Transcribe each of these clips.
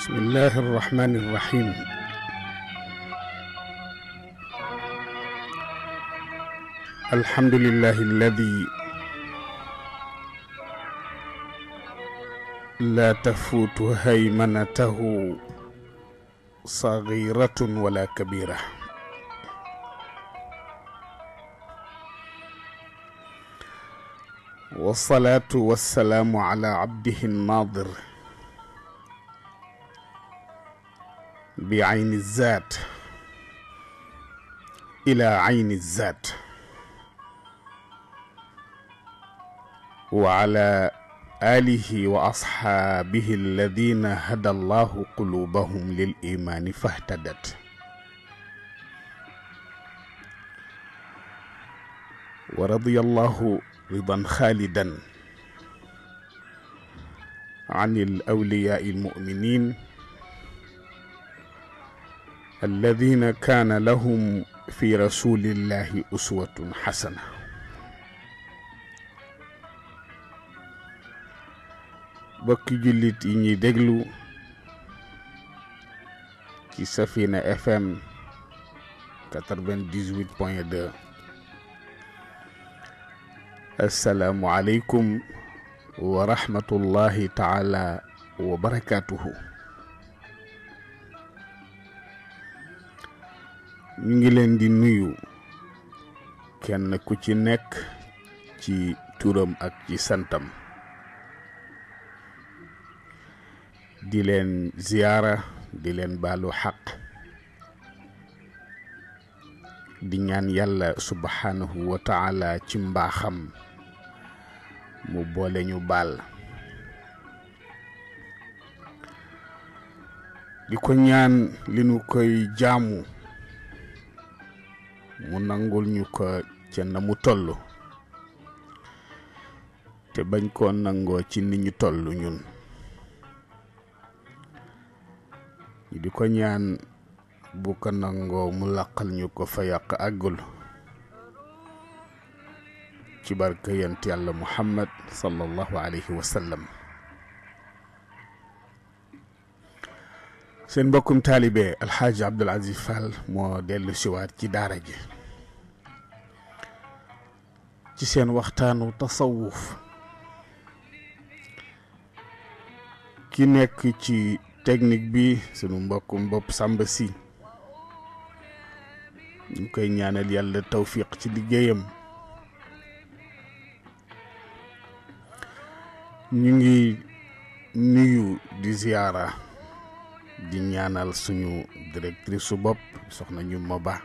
بسم الله الرحمن الرحيم الحمد لله الذي لا تفوت هيمنته صغيرة ولا كبيرة والصلاة والسلام على عبده الناظر بعين الذات إلى عين الذات وعلى آله وأصحابه الذين هدى الله قلوبهم للإيمان فاهتدت ورضي الله رضا خالدا عن الأولياء المؤمنين الذين كان لهم في رسول الله أسوة حسنة بك جلت إني دقلو كي سفينة اف 98.2 السلام عليكم ورحمة الله تعالى وبركاته ñu ngi leen di nuyu kenn ku ci nekk ci turam ak ci santam di leen ziyaara di leen baalu xaq di ñaan yàlla subhanahu wa ci mbaaxam mu boole ñu baal di ko ñaan li nu koy jaamu mu nangul ñu ko ca na mu toll te bañ koo nangoo ci ni ñu toll ñun ñu di ko ñaan bu ko nangoo mu làqal ñu ko fa yàq àggul ci barke yent yàlla muhammad sallallahu alayhi wa seen mbokkum taalibe alxaaji abdul aziz fall moo dellu siwaat ci daara ji ci seen waxtaanu tasawuf ki nekk ci technique bi sunu mbokkum bopp sàmba si ñu koy ñaanal yàlla tawfiq ci liggéeyam ñu ngi nuyu di ziyaara di ñaanal suñu directrice su bopp soxna ñu ma ba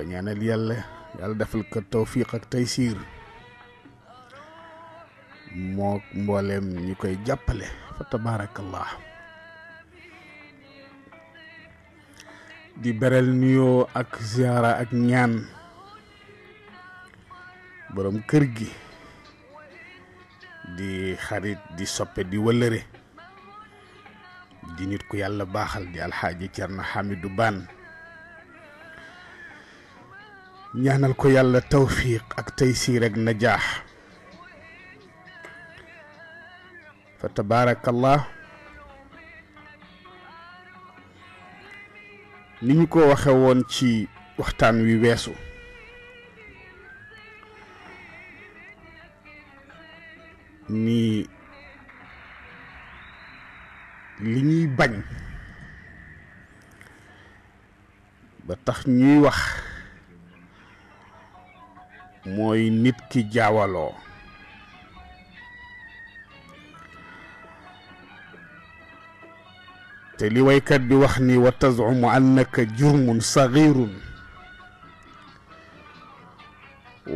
yàlla yàlla defal ak taysiir moo mbooleem ñu koy jàppale fa tabaarakallah di beral nuyoo ak ziyaara ak ñaan boroom kër gi di xarit di soppe di wëllëre di nit ku yàlla baaxal di alxaaji cerna Xamidu Baan ñaanal ko yàlla tawfiq ak taysiir ak najaax fa tabaarakallah ni ñu ko waxe woon ci waxtaan wi weesu ni li ñuy bañ ba tax ñuy wax mooy nit ki jaawaloo te li waykat bi wax ni wa tazumu annaka jurmun sagirun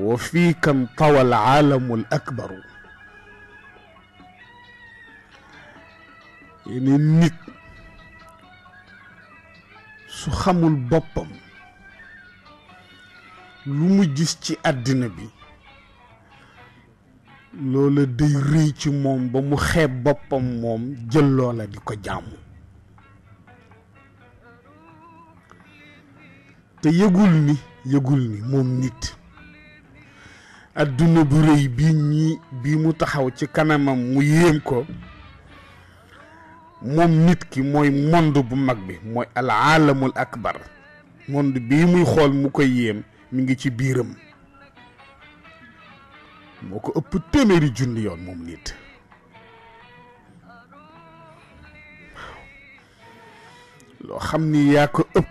wa fiikam tawa alcaalamu al akbaru yeneen nit su xamul boppam lu mu gis ci àddina bi loola day rëy ci moom ba mu xeeb boppam moom jël loola di ko jàmm te yëgul ni yëgul ni moom nit àdduna bu rëy bi ñi bi mu taxaw ci kanamam mu yéem ko moom nit ki mooy monde bu mag bi mooy alaalamul akbar monde bii muy xool mu koy yéem mi ngi ci biiram moo ko ëpp téeméeri junni yoon moom nit loo xam ni yaa ko ëpp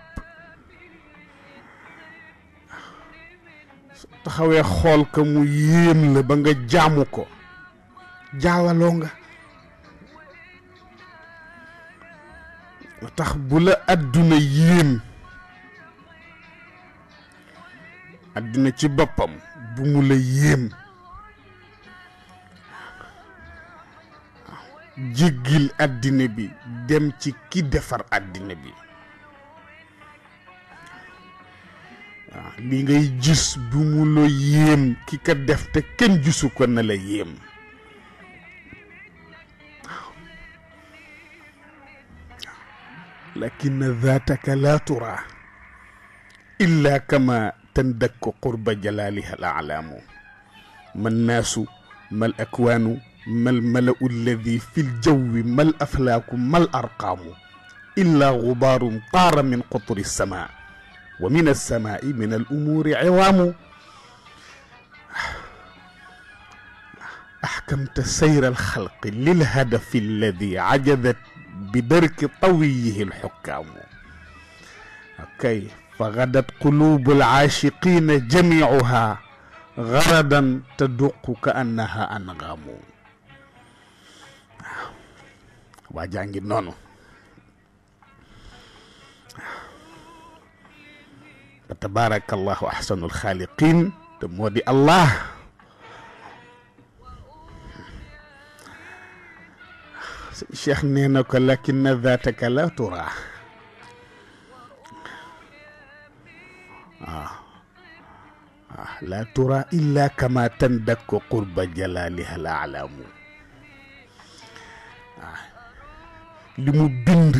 taxawee xool ko mu yéem la ba nga jaamu ko jaawaloo nga ba tax bu la àdduna yéem àdduna ci boppam bu mu la yéem jéggil àddina bi dem ci ki defar àddina bi waaw li ngay gis bu mu la yéem ki ko def te kenn gisu ko na la yéem لكن ذاتك لا ترى إلا كما تندك قرب جلالها الأعلام ما الناس ما الأكوان ما الملأ الذي في الجو ما الأفلاك ما الأرقام إلا غبار طار من قطر السماء ومن السماء من الأمور عظام أحكمت سير الخلق للهدف الذي عجزت بدرك طويه الحكام أوكي فغدت قلوب العاشقين جميعها غردا تدق كأنها أنغام واجانجي نونو فتبارك الله أحسن الخالقين تمودي الله cheikh nee na ko lakinna zaataka la tura waaw ah. ah, waaw la illa kama tandakku qurba jalaaliha alaamu ah. li mu bind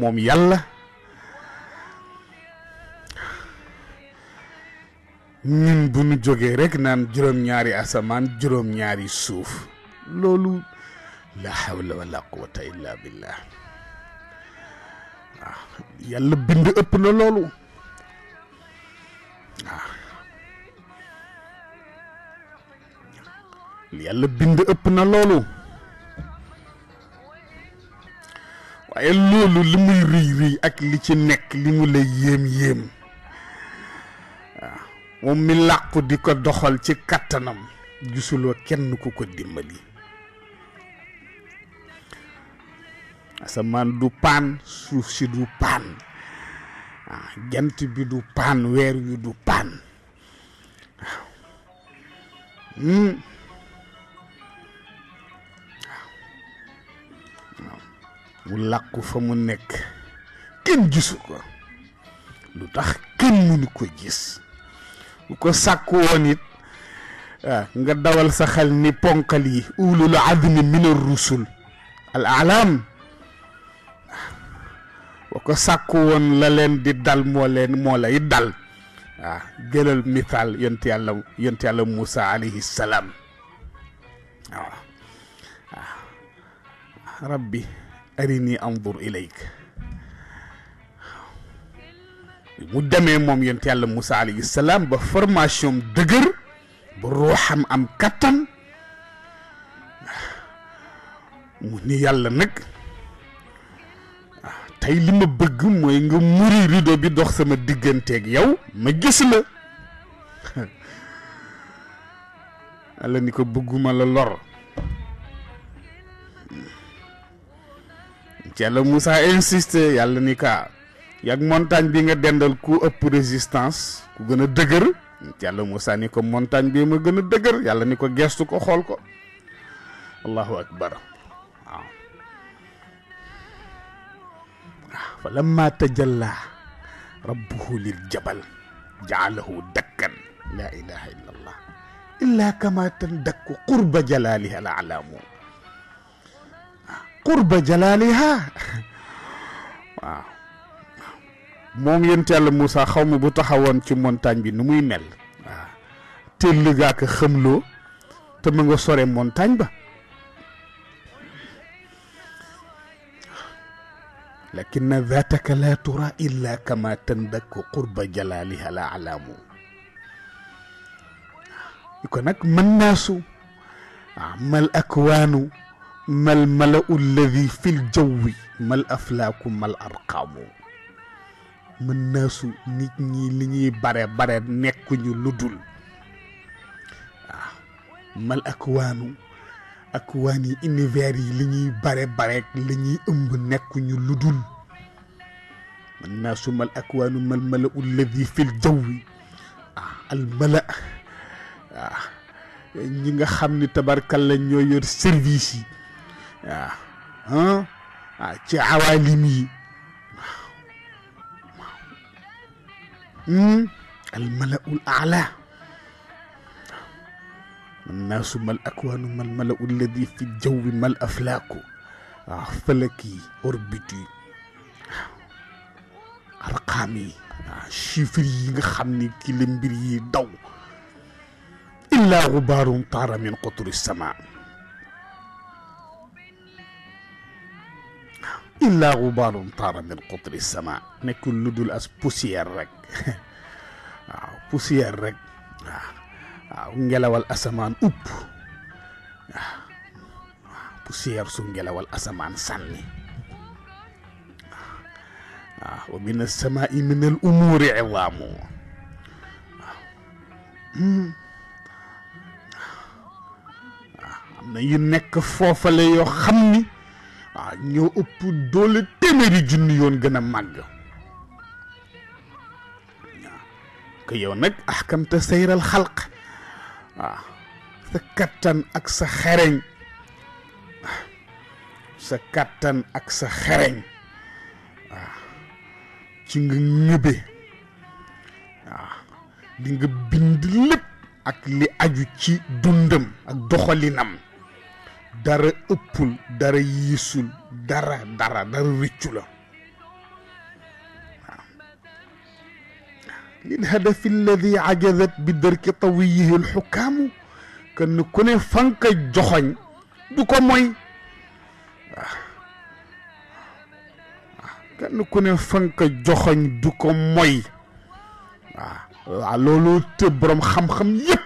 moom yàlla ñun bu ñu jógee rekk naan juróom-ñaari asamaan juróom-ñaari suuf loolu la hawla wala quwata illa billah waaw ah, yàlla ëpp na loolu ah. yàlla bind ëpp na loolu waaye loolu li muy rëy rëy ak li ci nekk li mu la yéem yéem waaw ah, moom mi làqu di ko doxal ci kàttanam gisuloo kenn ku ko dimbali asamaan du paan suuf si du paan ah, jant bi du paan weer wi du paan hmm. waaw mu làkku fa mu nekk kenn gisu ko lu tax kenn mënu ko gis bu ko sàkk woon it ah, nga dawal sa xel ni ponkal yi ulul azmi min rusul al boo ko sàkku woon la leen di dal moo leen moo lay dal waaw jëlal misaal yont yàlla yont yàlla Moussa alayhi rabbi arini anzur ilayk mu demee moom yont yàlla Moussa alayhi ba formation dëgër ba ruuxam am kattan mu ni yàlla nag ay li ma bëgg mooy nga muri rideau bi dox sama digganteeg yow ma gis la Alla ni ko bëgguma la lor ci Yàlla Moussa yàlla ni kaa yàgg montagne bi nga dendal ku ëpp résistance ku gën a dëgër ci Yàlla Moussa ni ko montagne bi ma gën a dëgër yàlla ni ko geestu ko xool ko allahu akbar walama lamma tajalla rabbuhu lil jabal jaalahu dakkan laa ilaha illa allah illa kama tan qurba jalaaliha alaamu qurba jalaaliha waaw moom yent yàlla Moussa xaw ma bu taxawoon ci montagne bi nu muy mel waaw tëll gaaka xamloo te mu nga sore montagne ba lakinna zaataka laa tura illa kama tandakku qurba jalaaliha la alaamu ko nag man naasu mal akwaanu mal malau alladi fi ljawwi mal aflaaku mal arqaamu mën naasu nit ñi li ñuy bare bare nekkuñu lu dul waaw mal akwaanu ak waan yi univers yi li ñuy bare bare lañuy ñuy ëmb nekkuñu lu dul man naa sumal ak waanu mal mala ulladi fil jawwi ah, al mala waaw ah, ñi nga xam ni tabarkal la yor service yi waaw ah, ci awaalim yi waaw hmm? al mala ul aala الناس ما الأكوان ما الملأ الذي في الجو ما الأفلاك فلكي أوربتي أرقامي chiffres yi nga xam ni ci la mbir yi daw illaa gubaarum taara min quturi sama illaa gubaarum taara min quturi sama nekkul lu dul as poussière rek waaw poussière rek waaw waaw ngelawal asamaan upp waaw waaw su ngelawal asamaan sànni waaw wa min asamaai min al umuuri idaamu waaw na yu nekk foofale yoo xam ni waaw ñoo ëpp doole téeméeri junni yoon gën a màgg waaw nag axkamta sayral xalq waaw ah. sa kattan ak sa xereñ sa kattan ak sa xereñ ah. ci nga ñëbe waaw ah. nga bind lépp ak li aju ci dundam ak doxalinam dara ëppul dara yiisul dara dara dara rëccu la للهدف الذي عجزت بدرك طويه الحكام كن كوني فانك جوخاني دوكو موي كن كوني فانك جوخاني دوكو موي لولو تبرم خم خم ييب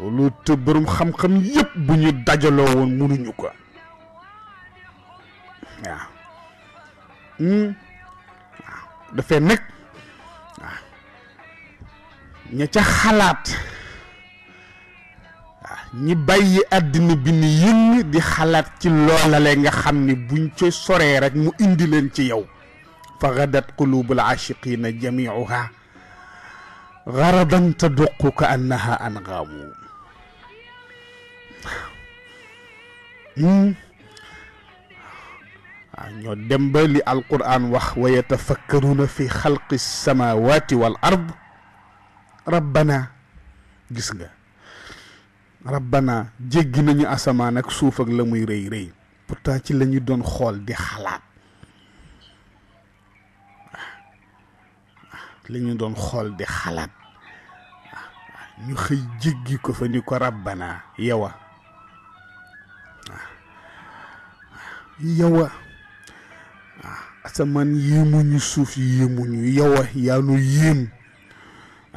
لولو تبرم خم خم ييب بني داجالو وون مونو نيوكو Yeah. اه. Mm. dafay nekk waaw ca xalaat ñi bàyyi àddina bi ni yënn di xalaat ci loolale nga xam ni buñ ca soree rekk mu indi leen ci yow fa gadat qulubul aashiqina jamiuha garadan taduqu ka annaha angaamu hmm? waaw ñoo dem ba li alquran wax wa yatafakkaruuna fi xalqi samawati wal ard rabbana gis nga rabbana jéggi nañu asamaan ak suuf ak la muy rëy rëy pourtant ci la doon xool di xalaat la doon xool di xalaat ñu xëy jéggi ko fa ñu ko rabbana yowa yowa asamaan yéemuñu suuf yéemuñu yow ya yaanu yéem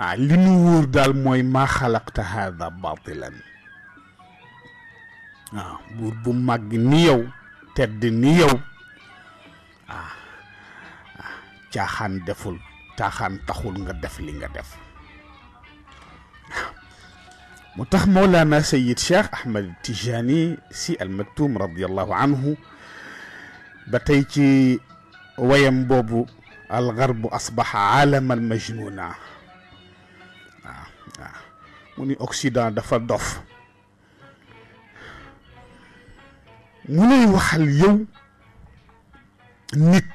ah li nu wóor dal moy ma khalaqta hadha batilan ah buur bu mag ni yow tedd ni yow ah caaxaan deful caaxaan taxul nga def li nga def moo مولانا سيد شيخ احمد التجاني سي المكتوم رضي الله عنه باتي ويم بوبو الغرب اصبح عالما مجنونا موني اوكسيدان دافا دوف موني وخال يو نيت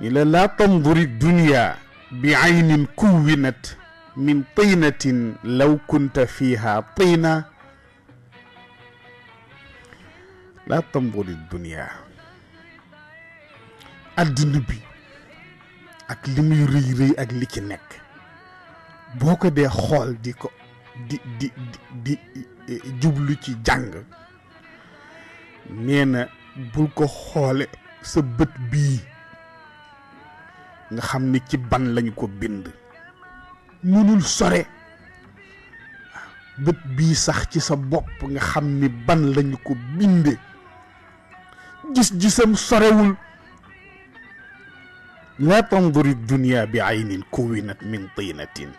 الى لا تنظر الدنيا بعين كونت من طينه لو كنت فيها طينه laa tambuli dunia addina bi ak li muy rëy rëy ak li ci nekk boo ko dee xool di ko di di di jublu ci jàng nee na bul ko xoole sa bët bii nga xam ni ci ban lañu ko bind mënul sore bët bii sax ci sa bopp nga xam ni ban lañu ko binde gis-gisam sorewul laa tanduri dunia bi aynin kuwinat min tinatin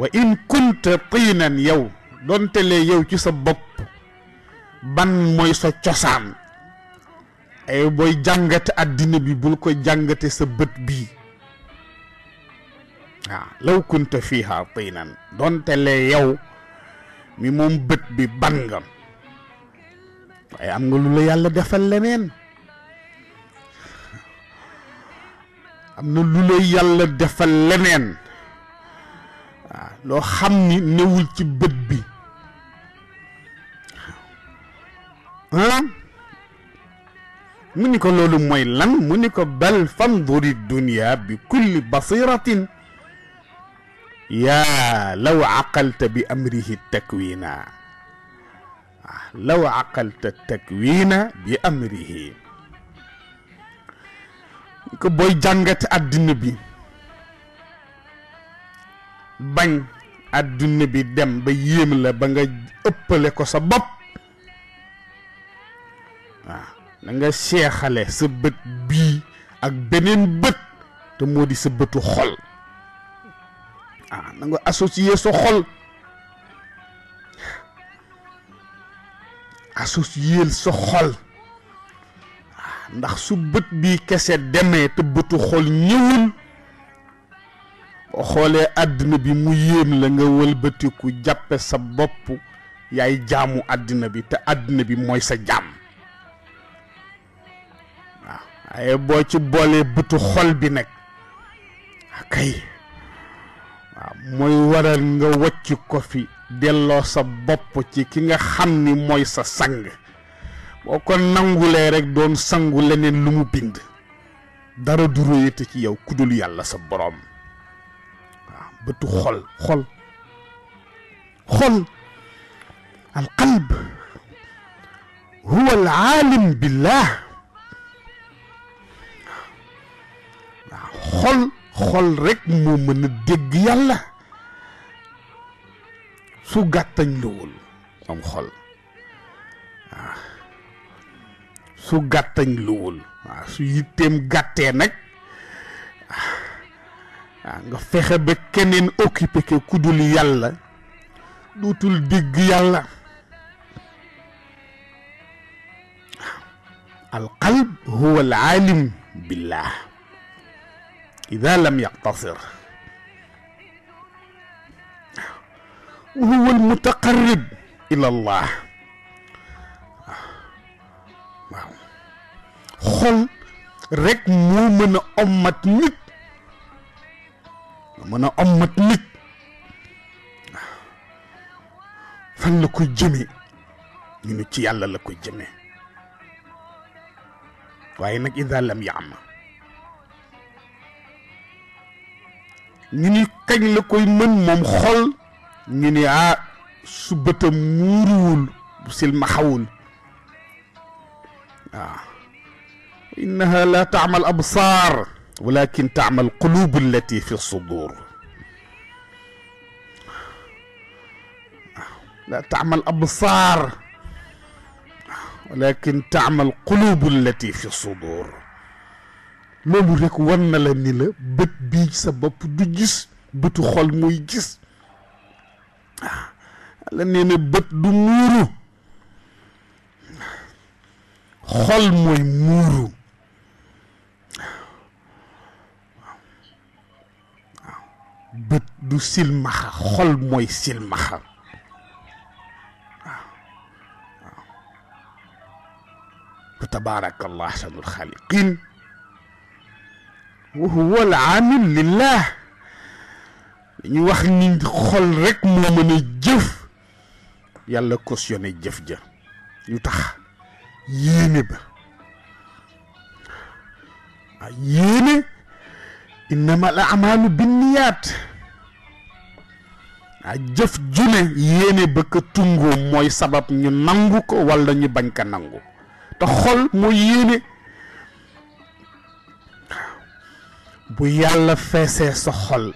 wa in kunta tinan yow doonte lee yow ci sa bopp ban mooy sa cosaan ay booy jàngate àddina bi bul ko jàngate sa bët bii waaw ah, law kunta fiiha tinan doonte lee yow mi moom bët bi ban nga waaye am nga lu la yàlla defal leneen am na lu la yàlla defal leneen waaw loo xam ni newul ci bët bi mu ni ko loolu mooy lan mu ni ko bal fanduri dunia bi kulli basiratin yaa law aqalta bi amrihi takwina law aqalta na bi amrihi ko booy jàngate àdduna bi bañ àdduna bi dem ba yéem la ba nga ëppale ko sa bopp waaw na seexale sa bët bii ak beneen bët te moo di sa bëtu xol ah na nga sa xol associel sa xol ah, ndax su bët bi kese demee te bëtu xol ñëwul boo xoolee àddina bi mu yéem la nga wëlbatiku jàppe sa bopp yaay jaamu àddina bi te àddina bi mooy sa jaam waaw waaye boo ci boolee bëtu xol bi nag ah mooy waral nga wàcc ko delloo sa bopp ci ki nga xam ni mooy sa sang boo ko nangulee rekk doon sangu leneen lu mu bind dara du réyate ci yow ku dul yàlla sa boroom waaw bëtu xol xol xol al qalb huwa al aalim waaw xol xol rek moo mën a dégg yàlla su gàttañ luwul am xol waaw su gàttañ luwul waaw su yitteem gàttee nag waaw nga fexe ba keneen occupé ke ku dul yàlla dootul dégg yàlla القلب هو العالم بالله إذا لم يقتصر وهو المتقرب الى الله خل رك مو من امت نيت من امت نيت فان لكو جيمي ني نتي يالا لكو جيمي واي نك اذا لم يعم ني ني كاج لكو من موم خول ñu ni ah su bëtam muuruwul silma xawul waaw innaha la tamal absar walakin tamal qulub allati fi sudur لا تعمل أبصار ولكن تعمل قلوب التي في الصدور لولو ريك ورنا لا ني لا بت بي سبب دو بتو خل موي جيس la nee na bët du muuru xol mooy muuru bët du silmaxa xol mooy silmaxa waaw tabaarakallah ahsanul xaaliqiin wa huwa al aamil lillah ñu wax ni xol rek moo mën a jëf yàlla cautionné jëf ja ñu tax yéene ba ah yéene innama al amalu binniyaat ah jëf june yéene ba ko tungoo mooy sabab ñu nangu ko walla ñu bañ ko nangu te xol mooy yéene bu yàlla feesee sa xol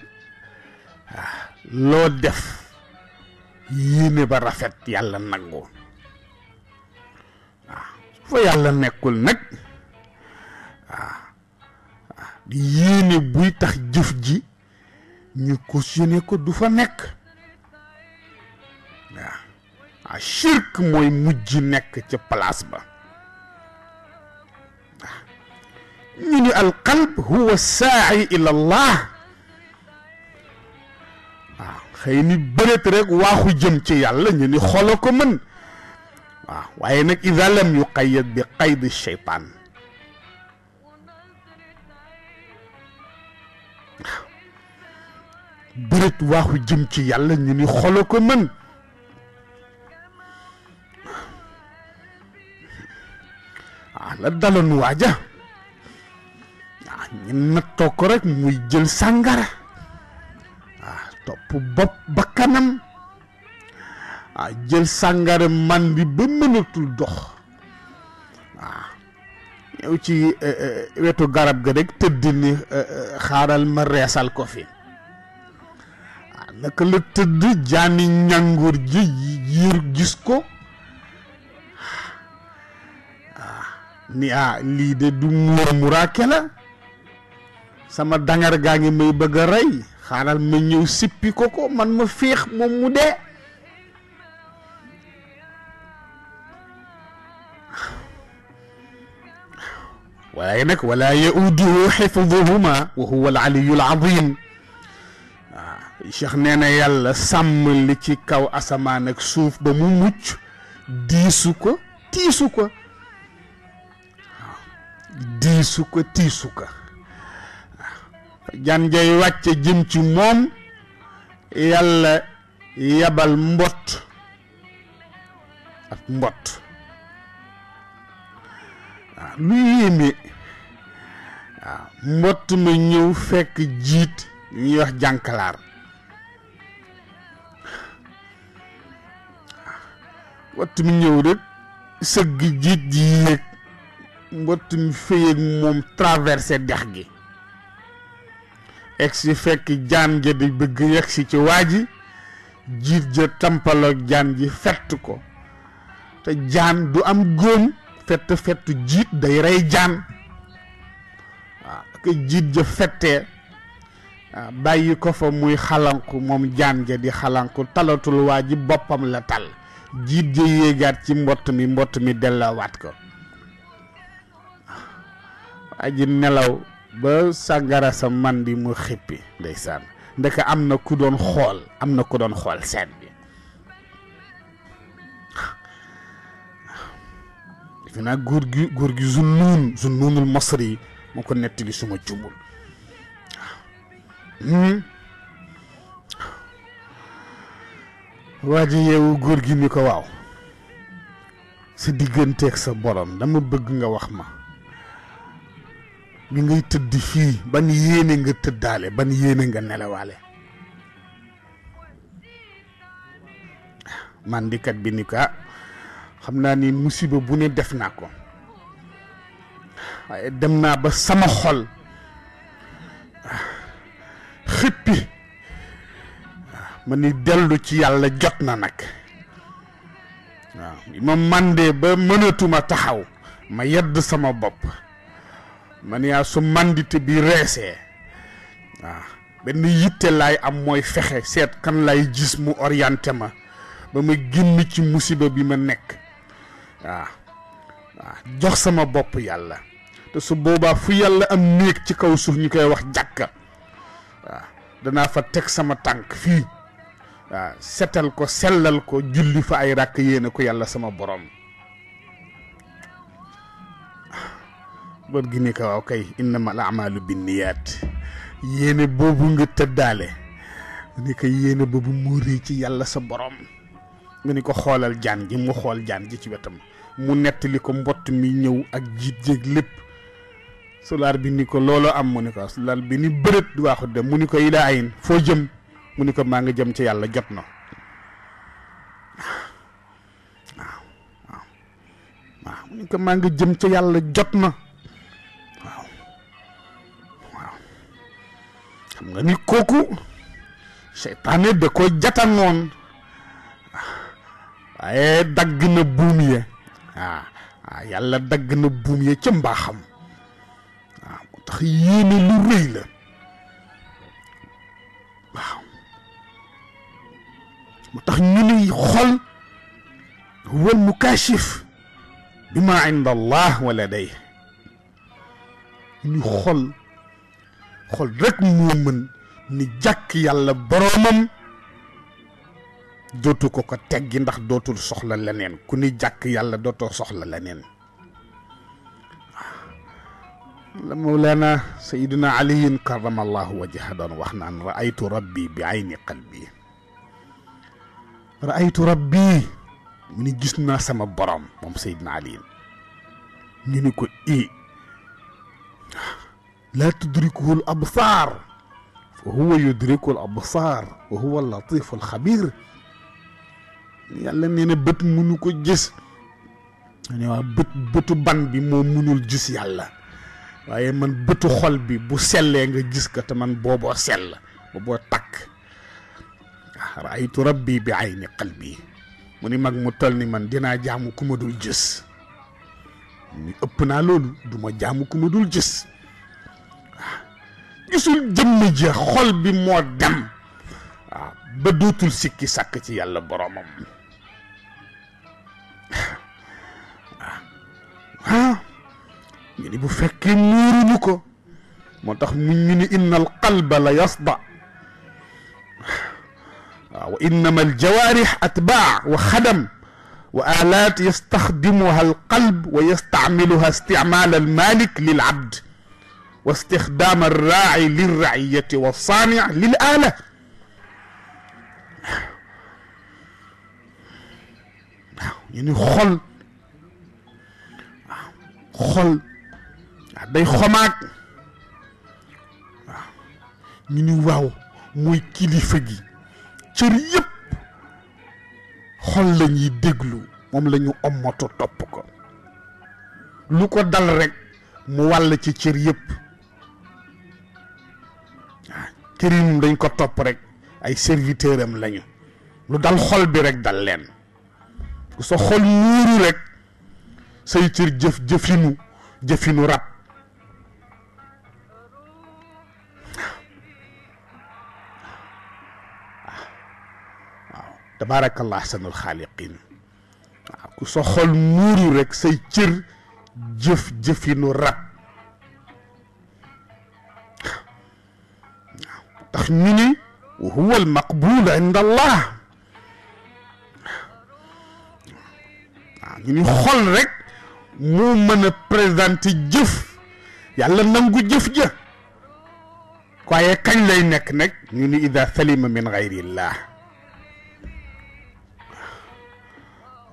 loo def yéene ba rafet yàlla nangu waaw su fa yàlla nekkul nag waaw yéene buy tax jëf ji ñu cautionné ko du fa nekk waaw ah shirk mooy mujj nekk ca palaas ba waaw ñu ni alqalb huwa saa'i ila xëy ni bëreet rek waaxu jëm ci yàlla ñu ni xolo ko mën waaw waaye nag ida lam yu qayyad bi qaydi cheytaan waaw bëreet waaxu jëm ci yàlla ñu ni xolo ko mën waaw la daloon waaja waaw ñu nattoo ko rekk muy jël sàngara topp bopp bakkanam ah jël sàngara man bi ba mënatul dox waaw ñëw ci eh, eh, wetu garab ga rekk tëdd ni eh, xaaral ma reesal ko fi waaw naka la tëdd jaani ñàngur ji yiir gis ko ni ah lii de du muur muraake la sama dangar gaa ngi may bëgg a rey xaaral ma ñëw sippi ko ko man ma féex moom mu dee waaye nag wala yauduhu xifduhuma wa huwa al aliyu al azim cheikh nee na yàlla sàmm li ci kaw asamaan ak suuf ba mu mucc diisu ko tiisu ko waaw diisu ko tiisu ko jan jay wàcce jëm ci moom yàlla yabal mbott ak mbott waaw lu yéeme waaw mbott ma ñëw fekk jiit ñuy wax jànkalaar mbott mi ñëw rek sëgg jiit ji yéeg mbott mi féyeeg moom traversé dex gi egsi fekk jaan ja di bëgg yegsi ci waa ji jiit ja tampaloog jaan ji fett ko te jaan du am góom fett fett jiit day rey jaan waaw jiit ja fettee bàyyi ko fa muy xalanku moom jaan ja di xalanku talatul waa ji boppam la tal jiit ja yéegaat ci mbott mi mbott mi dellawaat ko waa ji nelaw ba sàngara sa man di mu xippi ndeysaan ndeke am na ku doon xool am na ko doon xool seet bi defe naa góor gi góor gi Zunnun Zunnunul Masri yi moo ko nettali suma jumul waaw hmm? waa ji yeewu góor gi ni ko waaw sa digganteeg sa borom dama bëgg nga wax ma bi ngay tëdd fii ban yéene nga tëddaale ban yéene nga nelawaale màndikat bi ni ka ah, xam naa ni musiba bu ne def naa ko waaye dem naa ba sama xol ah, xippi ah, ma ni dellu ci yàlla jot na nag waaw bi ma màndee ba mënatuma taxaw ma yedd sama bopp man yaa su mandite bi reesee waaw benn yitte laay am mooy fexe seet kan lay gis mu orienté ma ba ma génn ci musiba bi ma nekk waaw waaw jox sama bopp yàlla te su boobaa fu yàlla am néeg ci kaw suuf ñu koy wax jàkka waaw danaa fa teg sama tànk fii waaw setal ko sellal ko julli fa ay ràkk yéene ko yàlla sama borom bët gi ni ko waaw kay innama al amalu binniyaat yéene boobu nga tëddaale mu ni ko yéene boobu mu rëy ci yàlla sa boroom mu ni ko xoolal jaan ji mu xool jaan ji ci wetam mu nettali ko mbott mi ñëw ak jiit jéeg lépp solaar bi ni ko looloo am mu ni ko lal bi ni bërët du waaxut dem mu ni ko ilaa foo jëm mu ni ko maa ngi jëm ci yàlla jot na waaw waaw jëm ci yàlla jot na xam nga ni kooku seytaane da ko jatan noon waaye dagg na buum ya waaw yàlla dagg na buum ya ca mbaaxam waaw moo tax yéene lu rëy la waaw moo tax ñu ni xol huwa almukashif bima inda allah wa ladayh ñu xol xol rek moo mën ni jàkk yàlla boroomam dootu ko ko teggi ndax dootul soxla leneen ku ni jàkk yàlla dootoo soxla leneen la mawlana sayiduna aliyin karamallahu wajha doon wax naan raaytu rabbi bi ayni qalbi raaytu rabbi mu ni gis naa sama borom moom sayiduna aliyin ñu ni ko i لا تدركه الأبصار فهو يدرك الأبصار وهو اللطيف الخبير يلا نين بت منوكو جس يعني بت بتو بان بي مو منو الجس يلا وهي من بتو خل بي بو سل ينغ جس كتمن بوبو سل بوبو تاك رأيت ربي بعين قلبي مني مك متلني من دينا جامو كومدول جس ني اوبنا لول دوما جامو كومدول جس gisul jëmm ja xol bi mo dem ba dootul sikki sak ci yàlla boromam ha ñu ni bu fekkee muuruñu ko motax mu ñu ni innal qalba la yasda wa innama al jawarih atba wa khadam wa alat yastakhdimuha al qalb wa yastamiluha isti'mal al malik lil abd wa istixdaam arraaci lirraiyati wa saamic lil aala waaw ñu ni xol waaw xol day xomaag waaw ñu ni waaw mooy kilifa gi cër yëpp xol la déglu moom lañu ñu ommato topp ko lu ko dal rek mu wàll ci cër yëpp crime dañ ko top rek ay serviteur am lañu lu dal xol bi rek dal len ku so xol muru rek sey cër jëf jëfinu jëfinu rab تبارك الله أحسن الخالقين كو ku sa xol muuru rek say cër jëf jëfinu التخميني وهو المقبول عند الله ñu xol rek moo mën a présenter jëf yàlla nangu jëf ja waaye kañ lay nekk nag ñu ni ida salima min xayrillah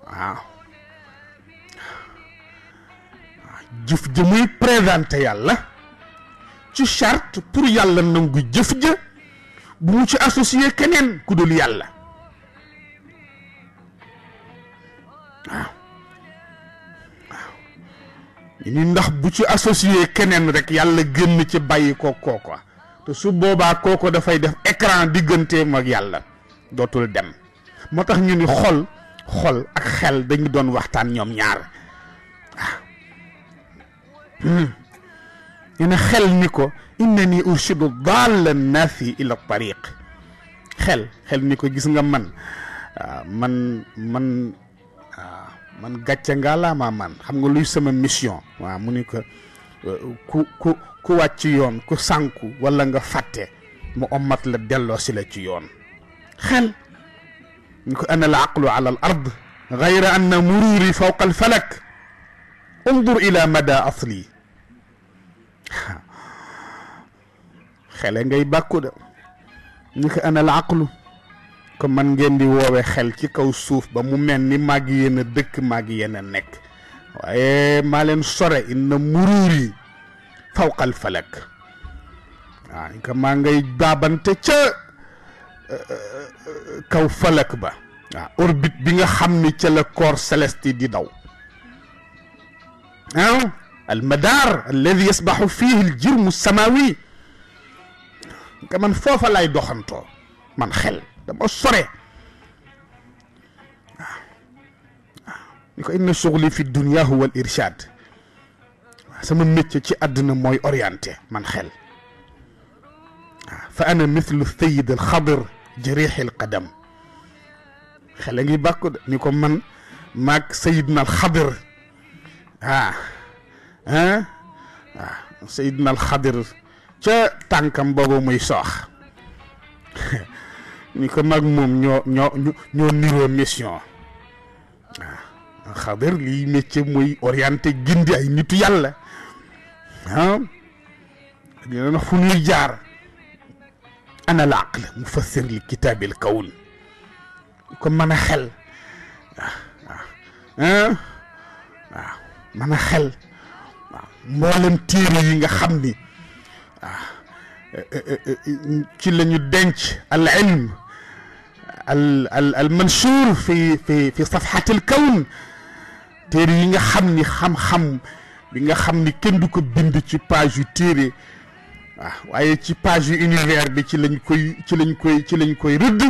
waaw jëf ja muy présenter yàlla ci charte pour yàlla nangu jëf ja bu mu ci associé keneen ku dul yàlla waaw waaw ni ndax bu ci associé keneen rek yàlla génn ci bàyyi ko kooka te su boobaa kooko dafay def écran digganteem ak yàlla dootul dem moo tax ñu ni xol xol ak xel dañu doon waxtaan ñoom ñaar waaw hmm. ñu xel ni ko انني ارشد الضال الناس الى الطريق خل خل نيكو غيس نغا آه، من من آه، من من غاتيا غالا ما من خمغا لوي سما ميسيون وا آه، مونيكو كو كو كو واتي كو سانكو ولا نغا فاتي مو امات لا ديلو سي خل نيكو انا العقل على الارض غير ان مروري فوق الفلك انظر الى مدى اصلي xele ngay bàkku de ni ko anal aqlu ko man ngeen di woowe xel ci kaw suuf ba mu mel ni màgg yéen a dëkk màgg yéen a nekk waaye maa leen sore inna muruuri fawqal falak waaw ko ngay baabante ca euh, euh, kaw falak ba waaw bi nga xam ni ca la di daw ah al madar alladi yasbaxu fihi al jirmu samawi nga man foofa lay doxantoo man xel dama sore waaw ni ko inna shughli fi dunya huwa al irshad sama metti ci aduna moy orienté man xel fa ana mithlu sayid al khadir jarih al qadam xel a ngi bàkku de ni ko man mak sayyidna al khadir ha ha waaw sayidna al xadir ca tànkam boobu muy soox ni ko mag moom ñoo ñoo ñoo niroo mission waaw xadar liy métier muy orienté gindi ay nitu yàlla ah dina na fu ñuy jaar ana al aql mufassir li kitaabil kawn ko mën a xel waaw waaw mën a xel mboolem téere yi nga xam ni ci lañu denc al ilm al al al mansuur fi fi fi safxat al kawn téere yi nga xam ni xam-xam bi nga xam ni kenn du ko bind ci paaj yu téere waaw waaye ci page yu univers bi ci lañ koy ci lañ koy ci lañ koy rëdd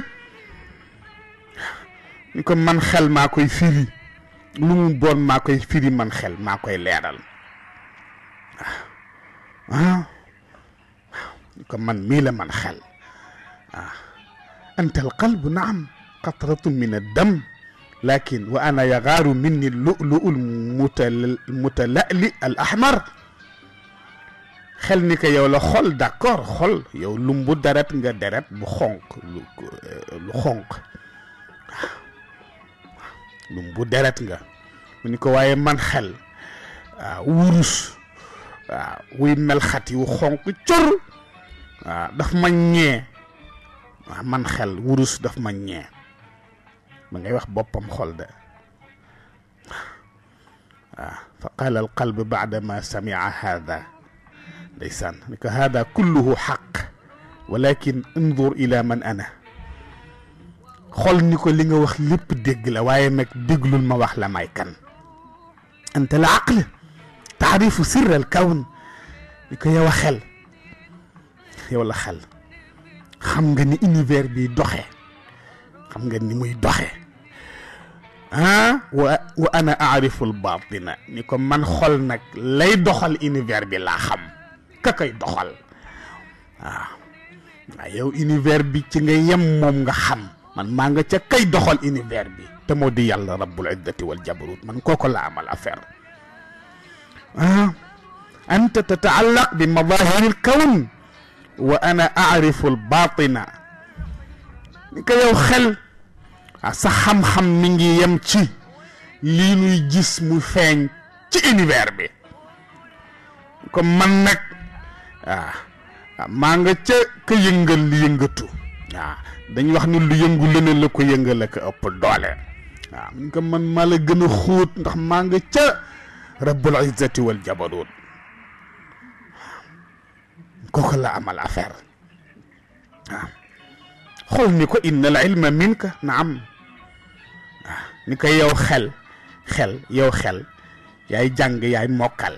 ñu ko man xel maa koy firi lu mu bon maa koy firi man xel maa koy leeral waaw ah. كمان ميلة من خل آه. أنت القلب نعم قطرة من الدم لكن وأنا يغار مني اللؤلؤ المتلألئ الأحمر خلني يا ولا خل داكور خل يا لومبو دارت نغا دارت لومبو دارت نغا منيكو واي من خل ورس آه. آه، ويمل خاتي تشر daf ma ñee man xel wurus daf ma ñee ma ngay فقال القلب بعدما سمع هذا ليسان هذا كله حق ولكن انظر الى من انا خول نيكو ليغا واخ ليپ ديغ لا واي ماك ديغلول ما واخ لا ماي كان انت العقل تعريف سر الكون نيكو يا واخل yow la xel xam nga ni univers bi doxee xam nga ni muy doxee ah wa wa ana aariful baatina ni ko man xol nag lay doxal univers bi laa xam ka koy doxal waaw waaw yow univers bi ci nga yem moom nga xam man maa nga ca kay doxal univers bi te moo di yàlla rabbul izzati wal jabarut man kooko la amal affaire ah anta tataallaq bi madahiril kawn وانا اعرف الباطن نيكا يو خل اصح خم خم ميغي يمشي لي نوي جيس مو فاج تي انيفير بي كوم مان نك اه ماغا تي كا ييغال لي ييغتو اه داني واخ ني لو ييغول لنا لا كو ييغال لك اوب دوله اه نيكا مان مالا غنا خوت نخ ماغا تي رب العزه والجبروت kooku la amal affaire waaw xool ni ko innal ilma minka naam waaw ni ko yow xel xel yow xel yaay jàng yaay mokkal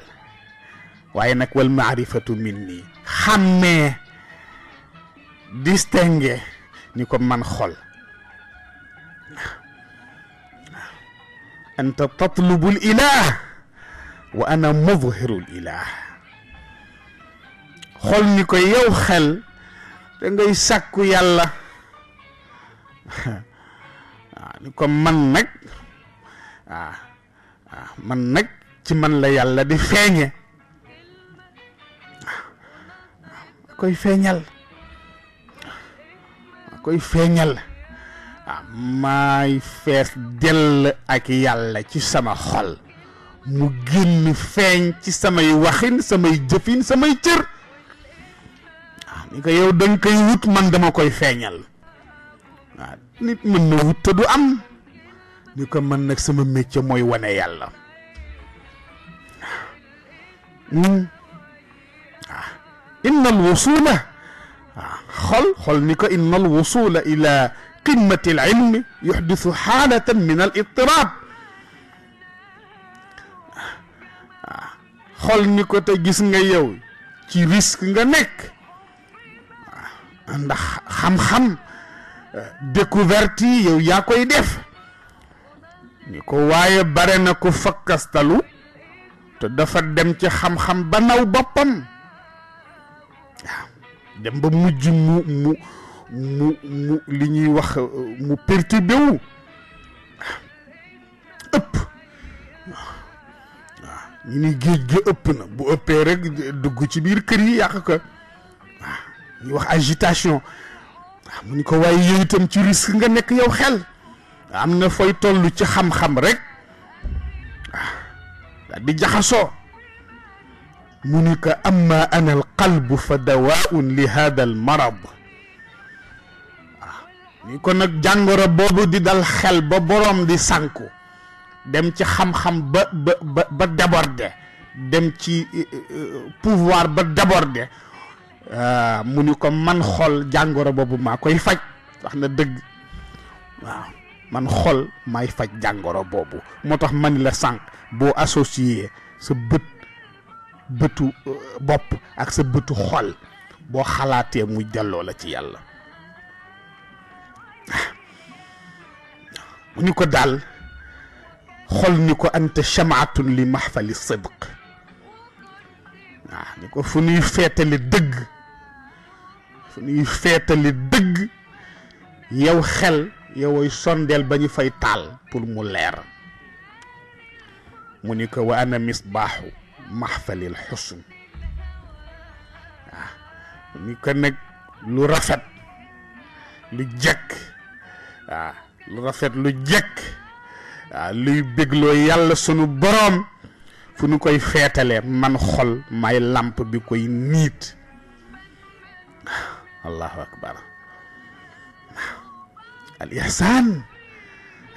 waaye nag wal maarifatu min nii xàmmee distinguer ni ko man xol anta tatlubu l ilah wa ana mudhiru l ilah xol ni ko yow xel da ngay sàkku yàlla waaw ah, ni ko man nag waaw ah, ah, man nag ci man la yàlla di feeñe waaw koy feeñal koy feeñal waaw maay fees dell ak yàlla ci sama xol mu génn feeñ ci samay waxin samay jëfin samay cër ni ko yow dañ koy wut man dama koy feeñal waaw nit mën na wut du am ni ko man nag sama métier mooy yalla yàlla hmm. inna alwusula xol xol ni ko inna alwusula ila قمة العلم يحدث حالة من الاضطراب xol ni ko te gis nga yow ci risque nga nek ndax xam-xam découverte yi yaa koy def ni ko waaye bare na ko fakkastalu te dafa dem ci xam-xam ba naw boppam waaw dem ba mujj mu mu mu mu li ñuy wax mu perturbé wu ëpp waaw ñu ni géej gi ëpp na bu ëppee rek dugg ci biir kër yi yàq ko ñu wax agitation mu ni ko waye yow itam ci risque nga nek yow xel amna fay tollu ci xam-xam rek di jaxaso mu ni ko amma ana al qalbu fa dawaun li hada al marad ni ko nak jàngoro bobu di dal xel ba borom di sànku dem ci xam-xam ba ba ba ba dem ci pouvoir ba déborder Ah, mu ni ko man xol jàngoro boobu maa koy faj wax na dëgg waaw man xol may faj jàngoro boobu moo tax ma ni la sànq boo associé sa bët bëtu euh, bopp ak sa bëtu xol boo xalaatee mu delloo la ci yàlla mu ni ko daal xol ni ko anta chamaatun li mahfali sidq waaw ni ko fu ñuy feetale dëgg ñuy feetali dëgg yow xel yoway sondeel ba ñu fay taal pour mu leer mu ni ko wa ana misbaaxu maxfalil xusn waaw ni ko nag lu rafet lu jekk waaw lu rafet lu jekk waaw luy bégloo yàlla sunu boroom fu nu koy feetale man xol may làmp bi koy niit waaw الله أكبر الإحسان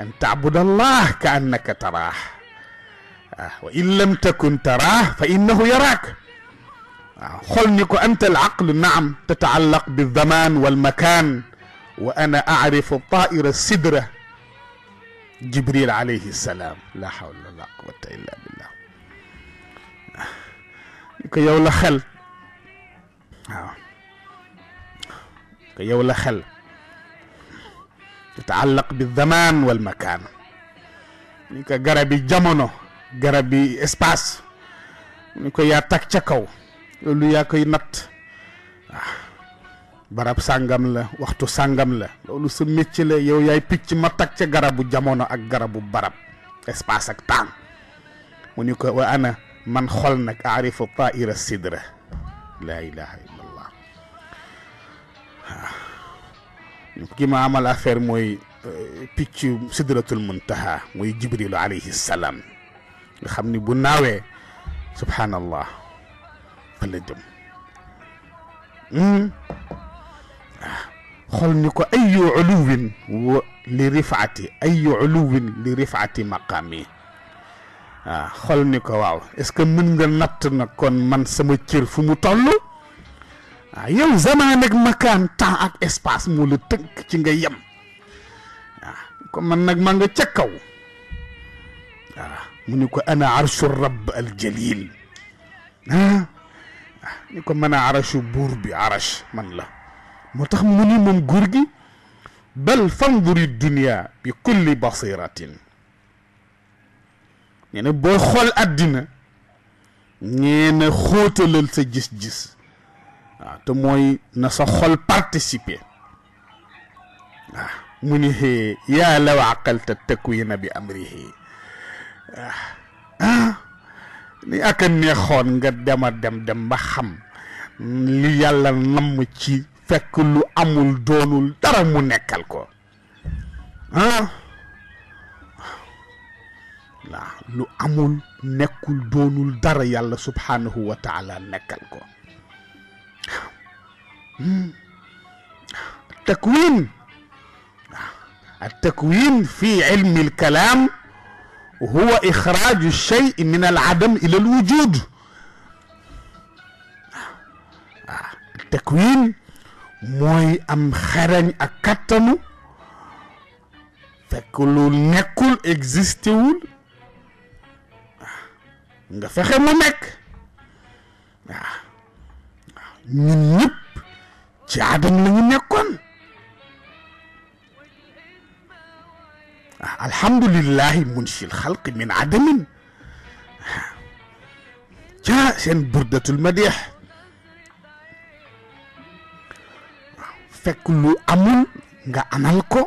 أن تعبد الله كأنك تراه آه، وإن لم تكن تراه فإنه يراك آه، خلنك أنت العقل نعم تتعلق بالزمان والمكان وأنا أعرف الطائر السدرة جبريل عليه السلام لا حول ولا قوة إلا بالله آه، يا يولا خل yow la xel yataallaq bi zaman wal makaan ni ko garabi jamono garabi espace ni يا yaa tag ca barab sàngam la waxtu sàngam la loolu sa métier la yow yaay picc ma tag ca garabu jamono ak garabu barab espace ak temps mu ni ko wa ana man xol nag aarifu taira sidra laa ilaha illa كما عمل آخر موي بيتشو سدرة المنتهى موي جبريل عليه السلام خمني بناوي سبحان الله فلدم خل نكو أي علو لرفعتي أي علو لرفعتي مقامي خل نكو واو اسكو من نتنا كون من سمو تير فمو طلو waaw yow zaman ak makaan temps ak espace moo la tënk ci nga yem waaw comme man nag maa nga ca kaw waaw mu ni ko ana arshu rabb al jalil ah ni ko mën a arashu buur bi arash man la moo tax mu ni moom góor gi bal fanduri dunia bi kulli basiratin nee na booy xool àddina nee na xóotalal sa gis-gis waaw te mooy na sa xol participer mu ni xee yaa law aqalta takwina bi amrihi waaw ah, ni ak neexoon nga dema dem dem ba xam li yàlla namm ci fekk lu amul doonul dara mu nekkal ko ah lu amul nekkul doonul dara yàlla subhaanahu wa taala nekkal ko التكوين التكوين في علم الكلام هو إخراج الشيء من العدم إلى الوجود التكوين موي أم خرن أكتمو فكل نكل إكزيستيول نفخ منك نيب ci adan lañu nekkoon alhamdulillahi munshil xalqi min adamin ca seen burdatul madix fekk lu amul nga anal ko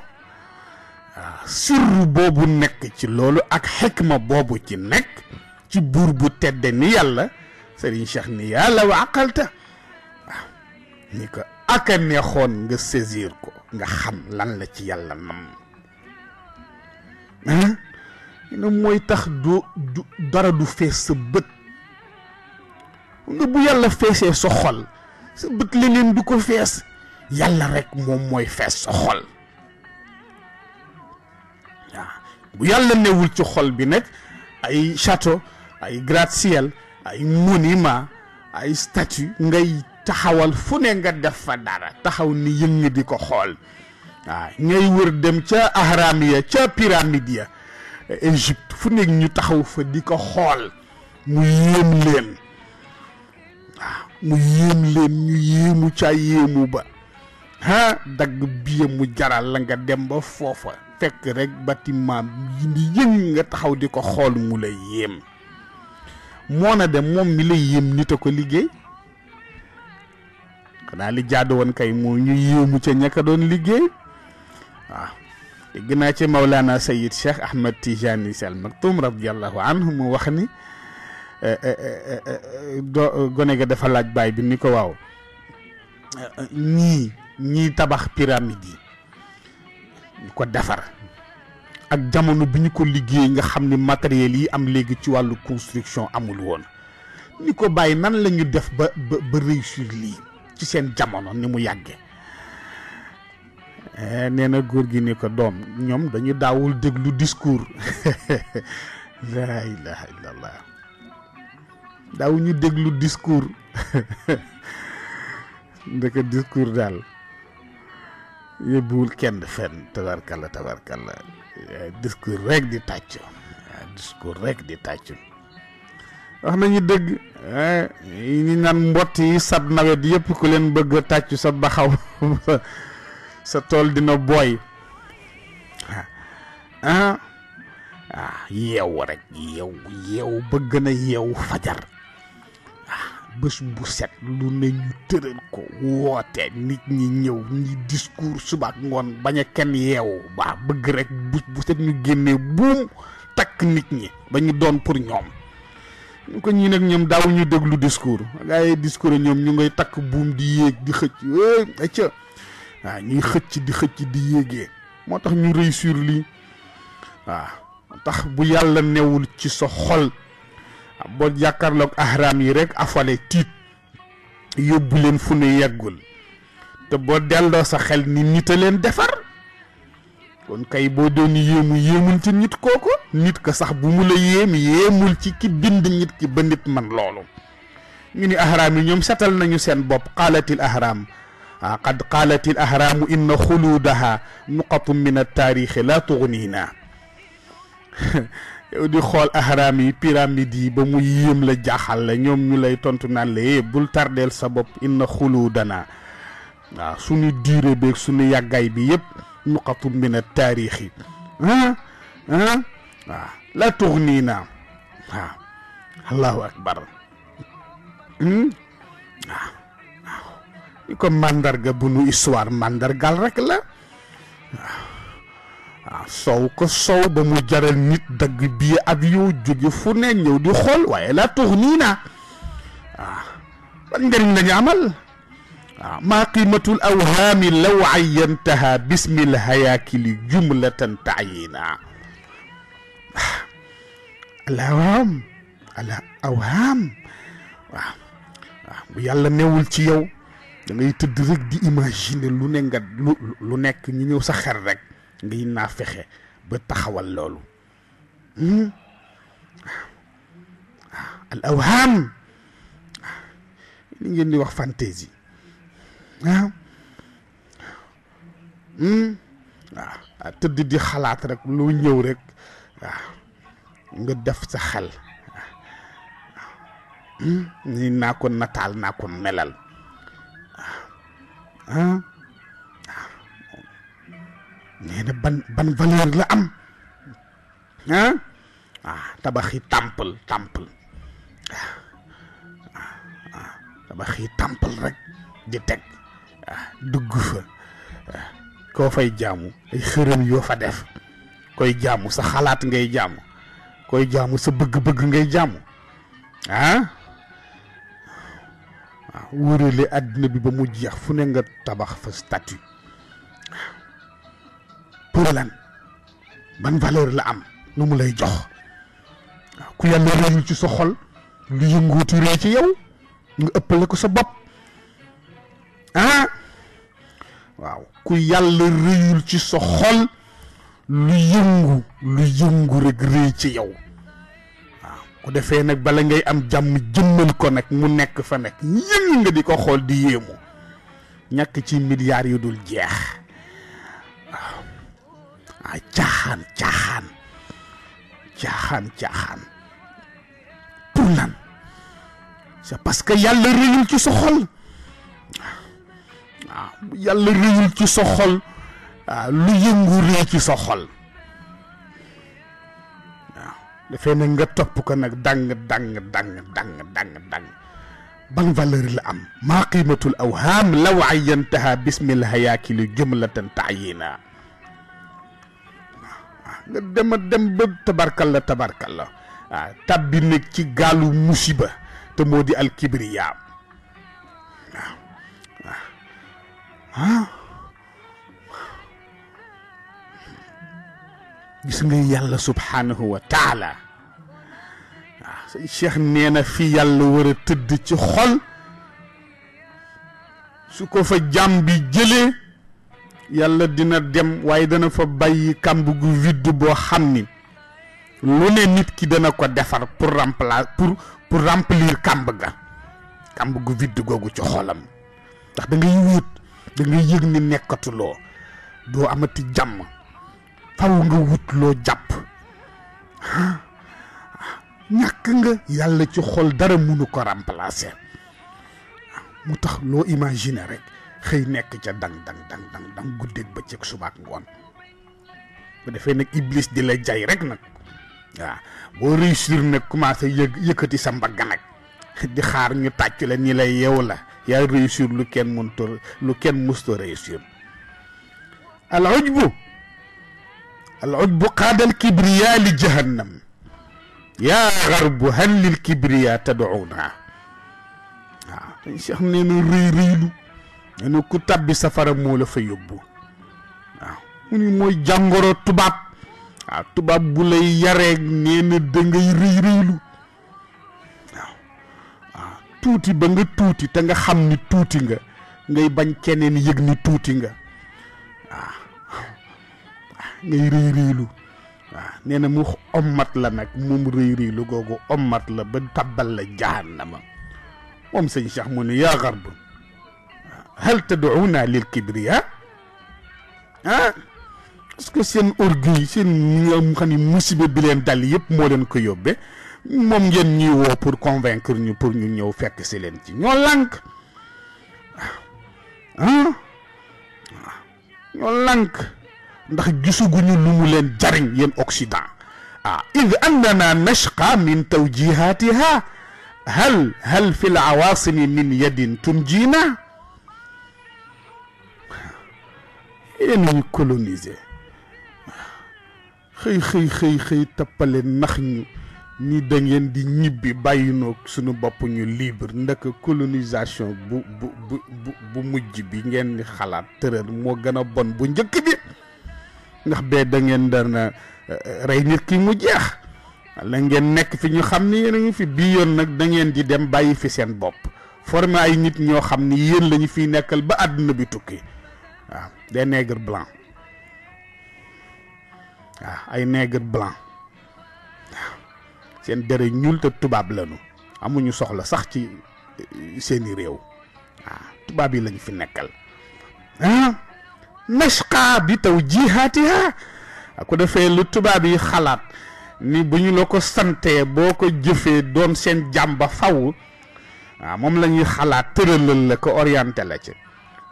sirru boobu nekk ci loolu ak xikma boobu ci nekk ci buur bu tedde ni yàlla sëriñ Cheikh ni yàlla wa aqalta waaw ni ko aka neexoon nga saisir ko nga xam lan la ci yàlla nam ne mooy tax du du dara du fees sa bët bu yàlla feesee sa xol sa bët leneen du ko fees yàlla rekk moom mooy fees sa xol bu yàlla newul ci xol bi nag ay château ay gratte-ciel ay monument ay statue ngay taxawal fu ne nga def fa dara taxaw ni yëng di ko xool waaw ngay wër dem ca ahram ya ca pyramide ya Égypte fu nekk ñu taxaw fa di ko xool mu yéem leen waaw mu yéem leen ñu yéemu ca yéemu ba ah dagg biya mu jaral la nga dem ba foofa fekk rek bâtiment yi di yëng nga taxaw di ko xool mu la yéem moo na dem moom mi la yéem nit a ko liggéey xanaa li jaadu kay moo ñu yéemu ca ñaka doon liggéey waaw dégg naa ci Maulana Sayid Cheikh Ahmed Tijani Al Maktoum radiallahu anhu mu wax ni do eh, eh, eh, gone ga dafa laaj baay bi ni ko waaw ñii ñii tabax pyramide yi ñu ko defar ak jamono bi ñu ko liggéey nga xam ni matériel yi am léegi ci wàllu construction amul woon ni ko bàyyi nan lañu def ba ba réussir lii ci seen jamono ni mu yàgge eh, nee na góor gi ni ko doom ñoom dañu daawul déglu discours laa ilaha illallah daaw ñu déglu discours ndeke discours daal yóbbuwul kenn fenn tabarkalla tabarkalla eh, discours rek di tàcc eh, discours rek di tàcc wax nañu dëgg eh, ñi nan mbott yi sab nawet yépp ku leen bëgg tàccu sa baxaw sa tool dina booy ah ah, ah rek yew yew bëgg na yew fajar ah bés bu set lu ne tëral ko woote nit ñi ñëw ñi discours suba ak ngoon bañ a kenn ba bëgg rek bu set ñu buum takk nit ñi ba doon pour ñoom ñu ko ñii nag ñoom daawuñu déglu discours gars yi discours ñoom ñu ngay takk buum di yéeg di xëcc acca waaw ñuy xëcc di xëcc di yéege moo tax ñu réussir lii waaw tax bu yàlla newul ci sa xol boo jàkkaarloog ahram yi rek afale tiit yóbbu leen fu nu yeggul te boo delloo sa xel ni nit a leen defar kon kay boo doon yéemu yéemul ci nit kooku nit ka sax bu mu la yéem yéemul ci ki bind nit ki ba nit man loolu ñu ni ahraam yi ñoom setal nañu seen bopp qaalatil ahraam ah qad qaalatil ahraamu inna xuluudaha nuqatun min attaarixi la tugniina yow di xool ahraam yi pyramide yi ba mu yéem la jaaxal la ñoom ñu lay tontu naan la eh, bul tardeel sa bopp inna xuluudana waaw suñu durée beeg suñu yàggaay bi yëpp nuqatu min taarix yi ah ah waaw la tux nii naa waaw allahu akbar waaw waaw li ko màndarga bu nu histoire màndargal rek la waaw waaw soow ko soow ba mu jaral nit dagg bii ab yow jóge fu ne ñëw di xool waaye la tux nii naa waaw ban njëriñ la ñu amal ما قيمة الأوهام لو عينتها باسم الهياكل جملة تعينا الأوهام الأوهام يلا نول تيو da ngay tëdd rek di imaginer lu ne nga lu lu nekk ñu ñëw sa xel rek ngay naa fexe ba taxawal loolu al awham li ngeen di wax fantaisie waaw waaw hmm? ah, ah, tëdd di xalaat rek lu ñëw rek ah, nga def sa xel hmm? nii naa ko nataal naa ko melal nee na ban valeur la am ah waaw tabaxi temple temple waaw waaw tabaxi temple rek di teg dugg fa koo fay jaamu ay xërëm yoo fa def koy jaamu sa xalaat ngay jaamu koy jaamu sa bëgg-bëgg ngay jaamu ah, ah wërale àddina bi ba mu jeex fu ne nga tabax fa pour lan ban valeur la am lu mu lay jox ah, ku yàlla réyul ci sa xol lu yëngootu ci yow nga ëppale ko sa bopp waaw ku yàlla rëyul ci sa xol lu yëngu lu yëngu rek rëy ci yow waaw ku defee nag bala ngay am jàmm jëmmal ko nag mu nekk fa nekk yëngu di ko xool di yéemu ñàkk ci milliards yu dul jeex waaw ah caaxaan caaxaan caaxaan caaxaan pour lan c'est parce que yàlla rëyul ci sa xol waaw yàlla réyul ci sa xol waaw lu yëngu réy ci sa xol waaw dafee nga topp ko nag dang dang dang dang dang dang ban valeur la am maa qiimatul awhaam law ayantaha bismil hayaakili jumlatan taayina waaw nga dema dem ba tabarkal la tabarkal la waaw tabbi nag ci gaalu musiba te moo di alkibriya gis nga yàlla subhaanahu wa taala waaw ah, nee na fi yàlla war a tëdd ci xol su ko fa jàmm bi jëlee yàlla dina dem waaye dana fa bàyyi kàmb gu vidde boo xam ni lu ne nit ki dana ko defar pour remplacer pour pour remplir kàmb ga kàmb gu vidde googu ci xolam ndax da wut da ngay yëg ni nekkatuloo doo amati jàmm faw nga wut loo jàpp ah, ah, ñàkk nga yàlla ci xol dara munu ko remplacer ah, mu tax loo imaginer rek xëy nekk ca dang dang dang dang dang guddeeg bëccëg subaak ngoon bu defee nag iblis di la jay rek nag waaw boo réussir nag commencé yëg yëkkati sa mbagg nag di xaar ñu tàcc la ni lay yow la yaa réussir lu kenn mënta lu kenn musta réussir al ujbu al ujbu qaadal kibriya li jahannam yaa garbu hal lil kibriya tad'una waaw dañ Cheikh nee na rëy rëylu nee ku tabbi safara moo la fa yóbbu waaw mu ni mooy jàngoro tubaab waaw tubaab bu lay yaree nee na da tuuti ba nga tuuti te nga xam ni tuuti nga ngay bañ keneen yëg ni tuuti nga waaw ngay rëy rëylu waaw nee na mu ommat la nag moom rëy rëylu googu ommat la ba tabbal la jahannama moom sëñ Cheikh mu ne yaa garb hal tad'una lil kibriya parce que seen orgueil seen ñi nga xam ni musiba bi leen dal yëpp moo leen ko yóbbe moom ngeen ñuy woo pour convaincre ñu pour ñu ñëw fekk si leen ci ñoo lànk ñoo lànk ndax gisuguñu lu mu leen jariñ yéen Occident ah id annana nashqa min tawjihatiha hal hal fi l awaasimi min yadin tunjina yéen ñu coloniser xëy xëy xëy xëy tappale nax ñu ñi da ngeen di ñibbi bàyyi noog suñu bopp ñu libre ndaka colonisation bu bu bu bu mujj bi ngeen di xalaat tërër moo gën a bon bu njëkk bi ndax bee da ngeen dana eh, eh, rey nit ki mu jeex la ngeen nekk fi ñu xam ni yéen a ngi nag da di dem bàyyi fi seen bopp formé ay nit ñoo xam ni yéen la fiy nekkal ba àdduna bi tukki waaw des nègres blancs waaw ay nègres blancs seen dere ñuul te tubaab lañu amuñu soxla sax ci eh, seeni réew waaw tubaab yi lañu fi nekkal ah bi taw jihaatiha ko defee lu tubaab yi xalaat ni bu ñu la ko santee boo ko jëfee doon seen jàmm ba faw waaw moom lañuy ñuy xalaat tëralal la ko orienté la ci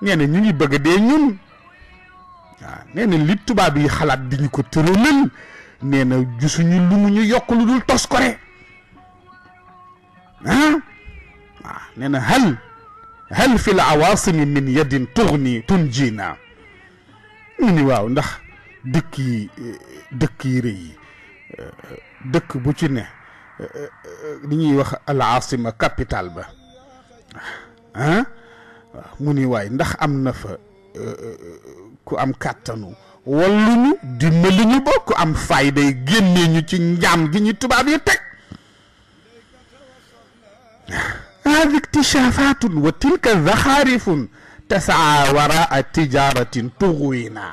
nee ñu ngi bëgg dee ñun waaw nee li tubaab yi xalaat di ñu ko tëralal nee na gisuñu lu mu ñu yokk lu dul tos kore ah waaw nee hal hal fi l awaasimi min yadin tugni tunjina mu ni waaw ndax dëkk yi dëkk yi rëy yi dëkk bu ci ne li ñuy wax al asima capital ba ah waaw mu ni waay ndax am na fa ku am kàttanu walluñu dimbali ñu bokk am fayday génnee ñu ci njaam gi ñu tubaab yi teg haadi ah, ah, iktichaafatun wa tilka zaxaarifun tasaa waraa tijaratin tuxwina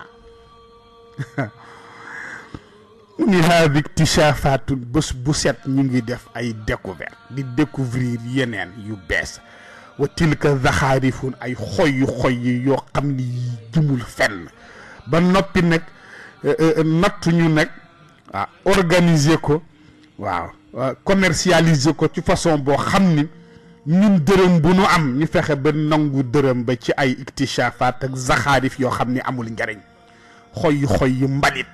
mu ni haadi iktichaafatun bés bu set ñu ngi def ay découverte di découvrir yeneen yu bees wa tilka zaxaarifun ay xoy yu yoo xam ni yi fenn ba noppi nag euh, euh, euh, nattu ñu nag ah organiser ko waaw commercialiser ko ci façon boo xam ni ñun dërëm bu nu am ñu fexe ba nangu dërëm ba ci ay iktishafaat ak zaxaarif yoo xam ni amul njariñ xoy xoy yu mbalit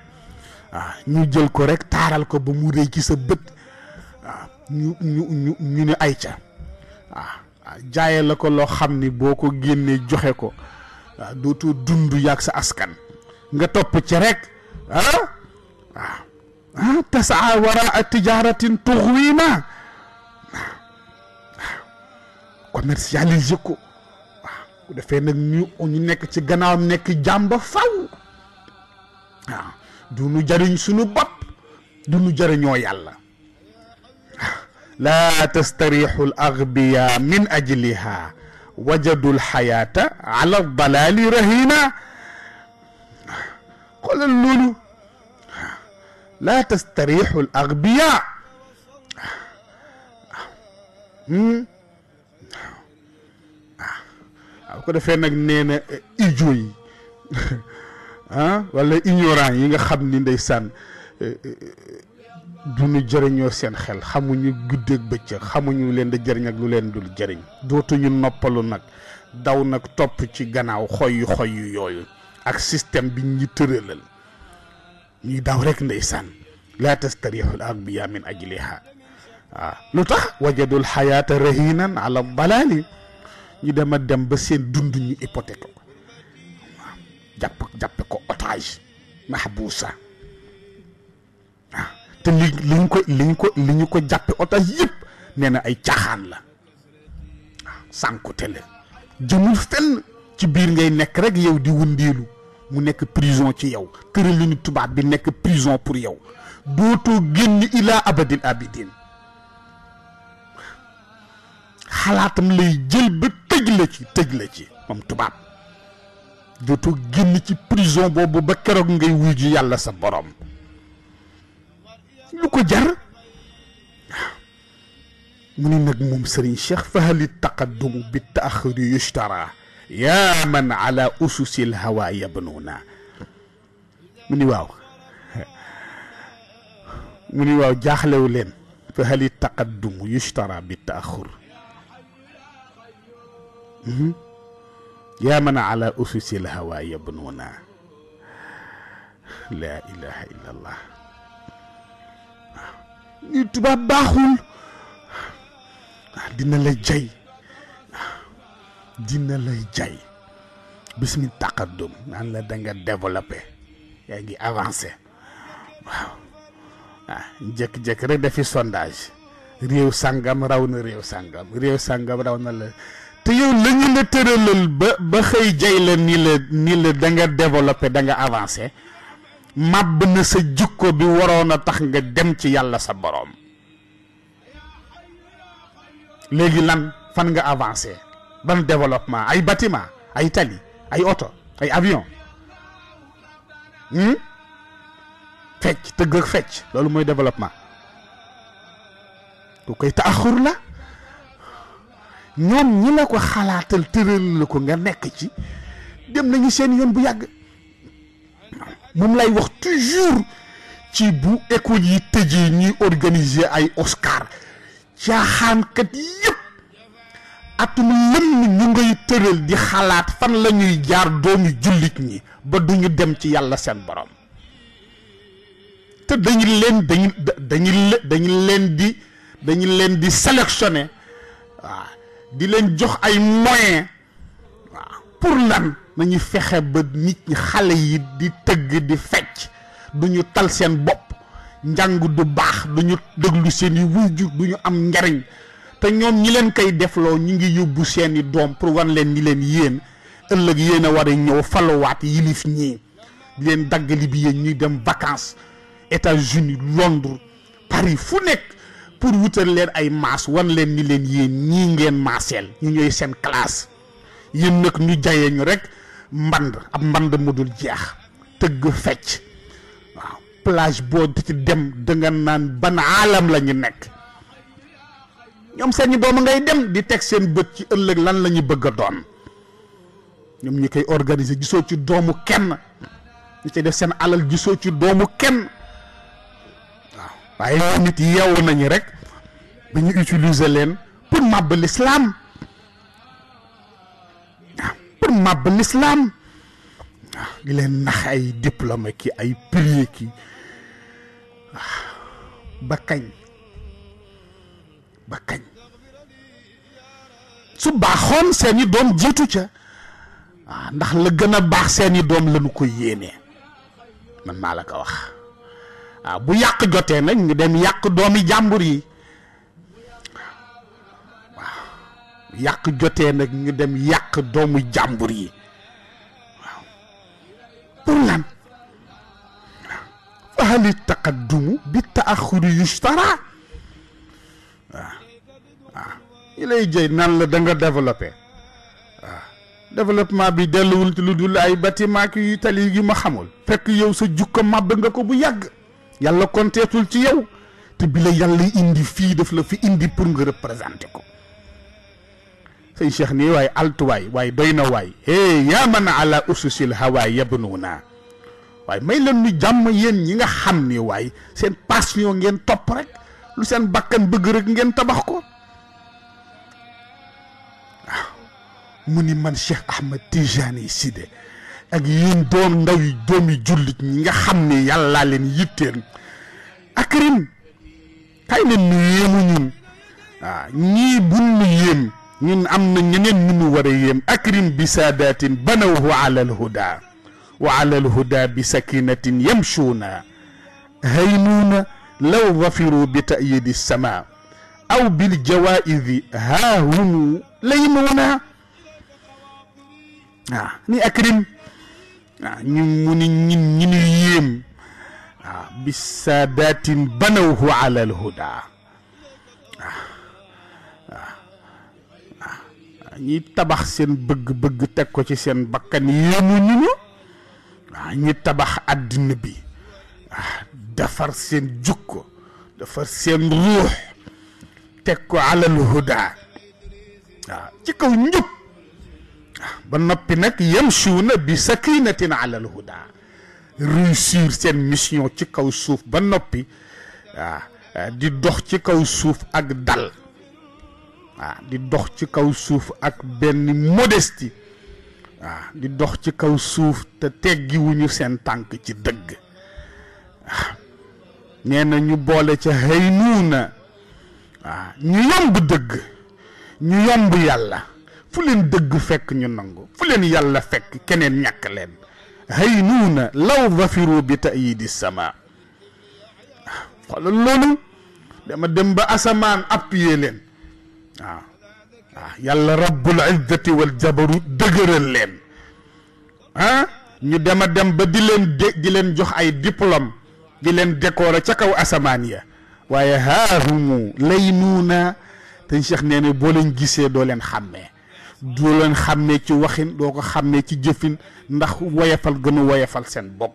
ah, ñu jël ko rek taaral ko ba mu rëy ci sa bët waaw ah, ñu ñu ñu ñu ne ay ca waaw ah, jaaye la ko loo xam ni boo ko génnee joxe ko dootu dootoo dund yàgg sa askan nga topp ci rek ah waaw ah tasaa waraa tijaaratin tuxwiina waaw waaw commercialiser ko waaw bu defee nag ñu ñu nekk ci gannaawam nekk jàmba faw waaw du nu jariñ sunu bopp du nu jariñoo yàlla laa tastarixu al agbiya min ajliha wajadu al xayaata ala dalaali rahina xoolal loolu laa tastarixu l agbiya waaw waaw ko defee nag nee na ijo yi ah wala ignorant yi nga xam ni ndeysaan duñu jëriñoo seen xel xamuñu guddeeg bëccëg xamuñu leen da jëriñ ak lu leen dul jëriñ dootuñu noppalu nag daw nag topp ci gannaaw xoy yu yooyu ak système bi ñi tëralal ñi daw rek ndeysaan la tastarihu al agbiya min ajliha waaw ah, wajadul hayata rahinan ala balali ñi dama dem ba seen dund ñi hypothèque ko japp ko otage mahbusa ah, te li liñ ko liñ ko liñ ko jàppe otage yépp ay tiaxan la ah, sankutel jëmul fenn ci biir ngay nek rek yow di wundilu mu nekk prison ci yow tëralinu tubaab bi nekk prison pour yow dootoo génn ilaa abadil abidin xalaatam lay jël ba tëj la ci tëj la ci moom tubaab dootoo génn ci prison boobu ba keroog ngay wuy ji yàlla sa borom lu ko jar mu ne nag moom Serigne Cheikh fahali taqaddumu bit taaxiri yushtara yaa man ala ususil hawa yabnuuna mu ni waaw mu ni waaw jaaxlewu leen fa hali taqaddum yushtara bi taaxur mhm. yaa man ala ususil hawa yabnuuna laa ilaha illa allah waaw ñu tubaab baaxul dina la jay dina lay jay bis mi taqaddum naan la da nga développé yaa ngi avancé waaw ah jëkk-jëkk rek dafi sondage réew sàngam raw na réew sàngam réew sàngam raw na la te yow la ñu la tëralal ba ba xëy jay la ni la ni la da nga développé da avancé màbb na sa jikko bi waroon a tax nga dem ci yàlla sa boroom léegi lan fan nga avancé ban développement ay bâtiment ay tali ay oto ay avion hmm? fecc tëgg ak fecc loolu mooy développement ku koy taaxur la ñoom ñi la ko xalaatal tëral la ko nga nekk ci dem nañu seen yoon bu yàgg moom lay wax toujours ci bu école yi tëjee ñuy organiser ay Oscar caaxaankat yëpp atum lëmm ñu ngay tëral di xalaat fan lañuy jaar doomu jullit ñi ba duñu dem ci yàlla seen boroom te dañu leen dañu leen di dañu leen di sélectionné waaw di leen jox ay moyens waaw pour lan nañu fexe ba nit ñi xale yi di tëgg di fecc duñu tal seen bopp njàng du baax duñu déglu seen i wujju duñu am njariñ te ñoom ñi leen koy defloo ñu ngi yóbbu seeni doom pour wan leen ñi leen yéen ëllëg yéen a war a ñëw falowaat yilif ñii leen daggali bi ñuy dem vacances États-Unis Londres Paris fu nekk pour wutal leen ay maas wan leen ñi leen yéen ñii ngeen maaseel ñu ñooy seen classe yéen nag ñu jaye ñu rek mband ab mband mu dul jeex tëgg fecc waaw plage boo ci dem da nga naan ban lañu nekk ñoom seen sañi boobu ngay dem di teg seen bët ci ëllëg lan la ñuy bëgg a doon ñoom ñi koy organiser gisoo ci doomu kenn ñu ci def seen alal gisoo ci doomu kenn waaw waaye ñoo nit yeewu nañu rek ba ñu utiliser leen pour màbb l'islam waaw pour màbb l'islam waaw di leen nax ay diplôme ki ay prix ki waaw ba kañ ba kañ su baaxoon seeni doom jiitu ca waaw ah, ndax la gën a baax seeni doom lañu ko yéenee man maa la ko wax waaw ah, bu yàq jotee nag ngi dem yàq doomi jàmbur yi waaw yàq jotee nag ñu dem yàq doomu jàmbur yi waaw pour lan bi taaxuri yustara yi lay jëy nan la danga nga développé developpement développement bi delluwul lu dul ay bâtiment yu tali yu ma xamul fekk yow sa jukka màbb nga ko bu yàgg yàlla konteetul ci yow te bi la yàlla indi fii daf la fi indi pour nga représenté ko sëñ Cheikh nii waaye altuwaay waaye doy na waay é yaa man ala ususil hawaay naa waaye may leen ñu jàmm yéen ñi nga xam ni waaye seen passion ngeen topp rek lu seen bàkkan bëgg rek ngeen tabax ko mu ni man Cheikh Ahmed Tidiane si de ak yéen doom jullit nga xam ne yàllaa leen yitteel akrim kay leen nu yéemu ñun waaw ah, ñii bun nu yéem am na ñeneen ñu nu war akrim bi saadatin banawhu ala alhuda wa ala alhuda bi sakinatin yamshuuna haynuuna law zafiru bi ta'yidi sama aw bil jawaidi haa hum laymuuna waaw ni akrim waaw ñu mu ni ñin ñi nu yéem waaw bi saadatin banawhu ala al huda waaw waaw tabax seen bëgg-bëgg teg ko ci seen bakkan yéemu ñu ñu waaw ñi tabax àddina bi waaw defar seen jukko defar seen ruux teg ko alal huda waaw ci kaw njub ba noppi nag yamshuuna bi sakinatin ala alhuda réussir seen mission ci kaw suuf ba noppi waaw di dox ci kaw suuf ak dal di dox ci kaw suuf ak benn modestie di dox ci kaw suuf te teggiwuñu seen tànk ci dëgg nee ñu boole ca haynuuna waaw ñu yomb dëgg ñu yomb yàlla fu leen dëgg fekk ñu nangu fu leen yàlla fekk keneen ñàkk leen hay nuuna law zafiru bi tayidi sama xoolal loolu dama dem ba asamaan appuyé leen waaw waaw yàlla rabbul izzati wal jabaru dëgëral leen ah ñu dema dem ba di leen dé di leen jox ay diplôme di leen décorer ca kaw asamaan ya waaye haahumu lay nuuna te Cheikh nee na boo leen gisee doo leen xàmmee dulen xamé ci waxin doko xamé ci jëfin ndax wayefal gëna wayefal sen bok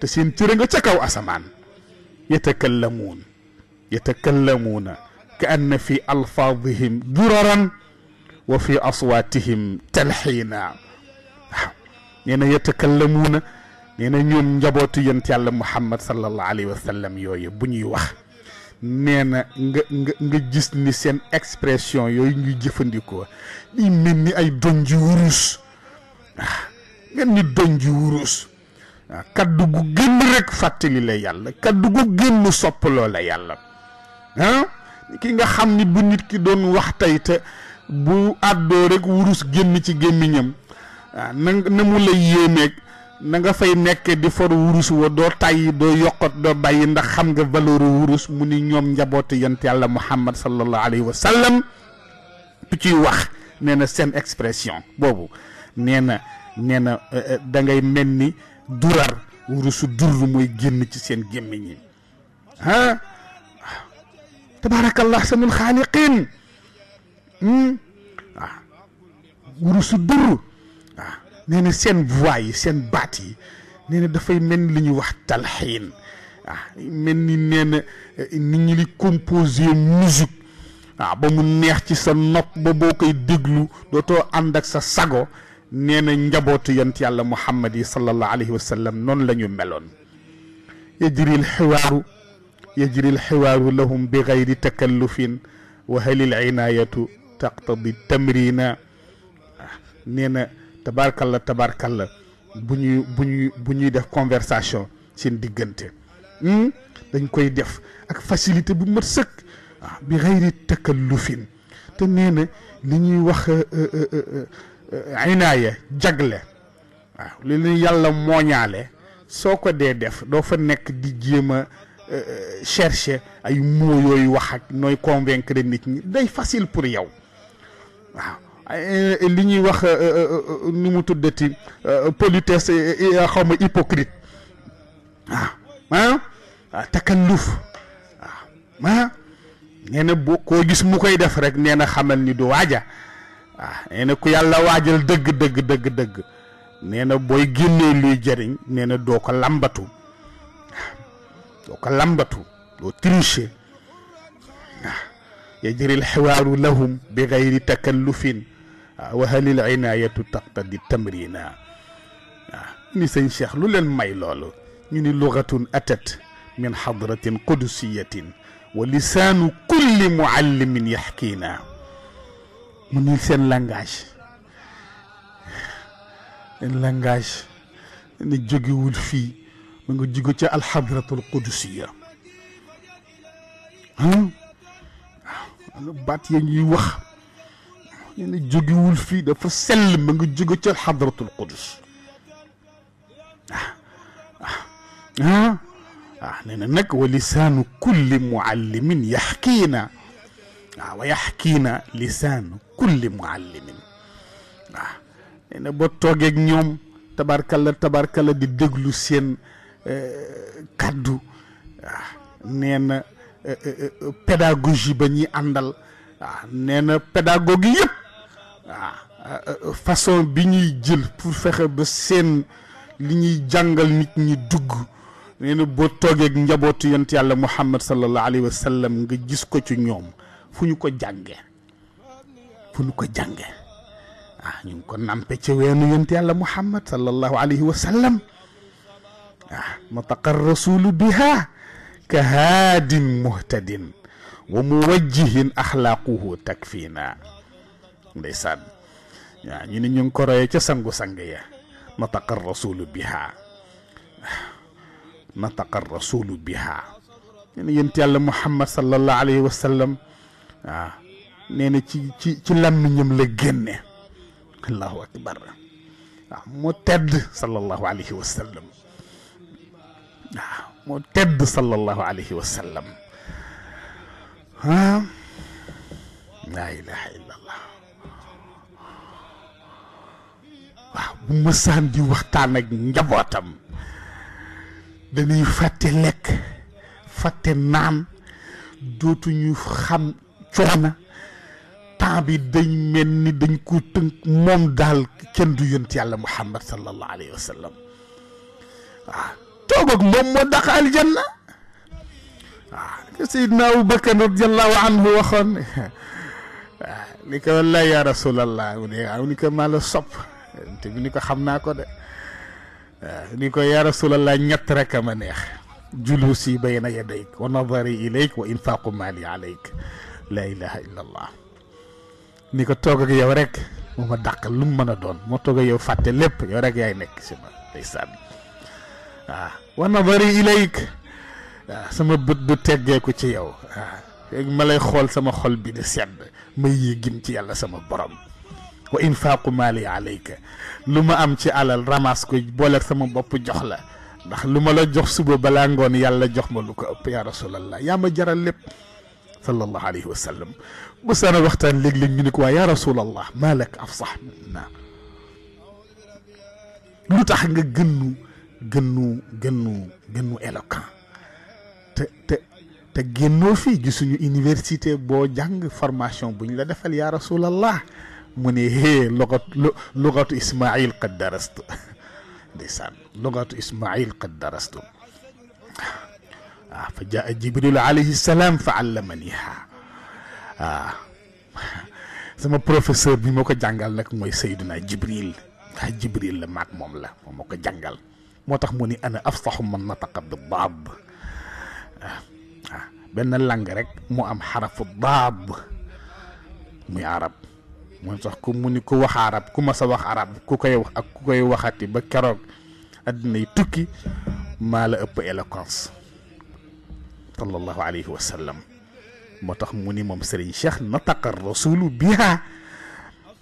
te sen tire nga ci kaw asaman يتكلمون كأن في ألفاظهم دررا وفي أصواتهم تلحينا نينا يتكلمون نينا نيوم نجابوتو ينتي على محمد صلى الله عليه وسلم يوي بني وخ nee na nga nga nga gis ni seen expression yooyu ngi jëfandikoo di mel ni ay doñ ji wurus ah nga ni doñ ji wurus ah gu génn rek fàttali la yàlla kaddu gu génn soppaloo la yàlla ah, ki nga xam ni bu nit ki doon wax tey te bu àddoo rek wurus génn ci gémmiñam ah na na mu la yéemeeg na nga fay nekk di for wurus wa doo tàyyi doo yokkot doo bàyyi ndax xam nga valeur wurus mu ni ñoom njabootu yant yàlla muhammad sallallahu alayhi wa sallam ku ciy wax nee na seen expression boobu nee na nee na euh, euh, da mel ni durar wurusu dur mooy génn ci seen gémmiñ yi hmm? ah tabaarakallah sanul xaaliqin waaw dur نين سين فواي سين باتي نين دفاي من لي نيو واخ تلحين اه ملني نين نين لي كومبوزي ميوزيك اه با مو نيه سي سا نوب با بوكاي ديغلو دوتو اندك سا ساغو نين نجابوت ينت يالا محمد صلى الله عليه وسلم نون لا نيو ميلون يجري الحوار يجري الحوار لهم بغير تكلف وهل العنايه تقتضي التمرين نينا tabarkalla la bu ñuy bu ñuy bu ñuy def conversation seen diggante hmm? dañ koy def ak facilité bu mat sëkk ah bi xayri takallufin te nee na wax euh, euh, euh, inaaya jagle waaw li ñu yàlla mooñaale soo ko dee def doo fa nekk di jéem a chercher ay mots yooyu wax ak nooy convaincre nit ñi day facile pour yow waaw li ñuy wax euh, euh, euh, nu mu tuddati politesse xaw ma hypocrite waaw ah, ah, takalluf waaw ah, nee koo gis mu koy def rek nee na xamal ni du waaja waaw nee ku yàlla waajal dëgg dëgg dëgg dëgg nee na booy génnee luy jariñ nee na doo ko lambatu doo ko lambatu doo tricher waaw yajri lahum bi gayri takallufin وهل العناية تقتضي التمرين نسين نعم. آه، شيخ لول ماي لولو ني لغة أتت من حضرة قدسية ولسان كل معلم يحكينا من سين لانغاش ان لانغاش ني جوغي وول في ميغو جيغو تي الحضرة القدسية ها لو آه، بات يي وخ يعني جوجول في دفع سلم من جوجول حضرة القدس ها آه. آه. ها آه. ننك ولسان كل معلم يحكينا ويحكينا لسان كل معلم بطوغيك نيوم تبارك الله تبارك الله دي دغلو سين كادو نين pedagogie بني اندال نين pedagogie يب waaw ah, euh, façon bi ñuy jël pour fexe ba seen li ñuy jàngal nit ñi dugg nee boo toogeeg njabootu yonent yàlla muhammad sallallahu alayhi wa sallam nga gis ko ci ñoom fu ñu ko jànge fu ñu ko jànge ah ñu ko nampe ci weenu yonent yàlla muhammad sallallahu alayhi wa sallam ah mataqa rasulu biha ka haadin muhtadin wa muwajjihin axlaaquhu takfiina ndeysaan waaw ñu ne ñu ngi ko royee ca sangu sang ya nataqa rasulu biha nataqa rasulu biha ñu ne yent yàlla muhammad sallallahu alayhi wa sallam ci ci ci làmmiñam la génne allahu akbar mu tedd sallallahu alayhi wa sallam waaw mu tedd waaw bu mësaan di waxtaan ak njabootam dañuy fàtte lekk fàtte naan dootuñu xam coono temps bi dañ mel ni dañ ko tënk moom daal kenn du yont yàlla mu sallallahu alayhi wa sallam toog ak moom moo daq aljanna waaw que sayidna abubakar anhu waxoon ni ko wallaay ya rasulallah mu ne waaw ni ko maa te bi ni ko xam naa ko de waaw ni ko yaa rasulallah ñett rek a ma neex julusi bayna yadayk wa nadari ilayk wa infaqu mali alayk la ilaha illallah ni ko toog ak yow rek moo ma dàqal lu mu mën a doon moo toog ak yow fàtte lépp yow rek yaay nekk si ma ndeysaan waaw wa nadari ilayk waaw sama bët du teggeeku ci yow waaw ma lay xool sama xol bi di sedd may yéegin ci yàlla sama borom wa infaaqu maali alayka lu ma am ci alal ramas ko booleeg sama bopp jox la ndax lu ma la jox suba balaa ngoon yàlla jox ma lu ko ëpp yaa rasulallah yaa ma jaral lépp sallallahu alayhi wa sallam bu sana waxtaan léeg-léeg ñu ne ko waa yaa rasulallah maa lak af sax nga gënnu gënnu gënnu gënnu éloquent te te te génnoo fii gisuñu université boo jàng formation bu la defal yaa rasulallah mu ne hee lugatu lugatu Ismaïl qad darastu ndeysaan lugatu Ismaïl qad darastu waaw ah, fa jaa Jibril alayhi salaam fa allamaniha waaw ah, sama professeur bi moo ko jàngal nag mooy Seydina Jibril ndax ah, Jibril la maag moom la moom moo ko jàngal moo tax mu ni ana afsaxu man nataqa bi daab benn lang rek mu am xarafu daab muy arab mon sax ku muni ni ku wax arab ku ma sa wax arab ku koy wax ak ku koy waxati ba kérok adina yi tukki mala ëpp éloquence sallallahu alayhi wa sallam motax muni mom serigne moom sëriñ cheikh nataqa rasulu biha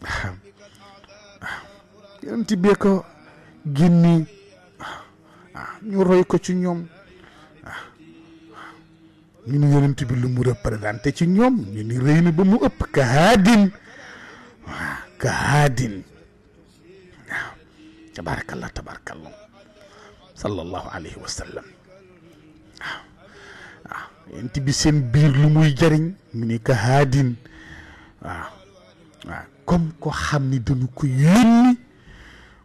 waaw yonent bee ko ginni ñu roy ko ci ñom ñu ni bi lu mu représenté ci ñom ñu ni rëy na ba mu ëpp ka hadim waaw ka haadin waaw tabarakallah tabarakallah sallallahu alayhi waaw waaw yent bi seen biir lu muy jariñ mu ni ka haadin waaw waaw comme ko xam ni dañu ko yónni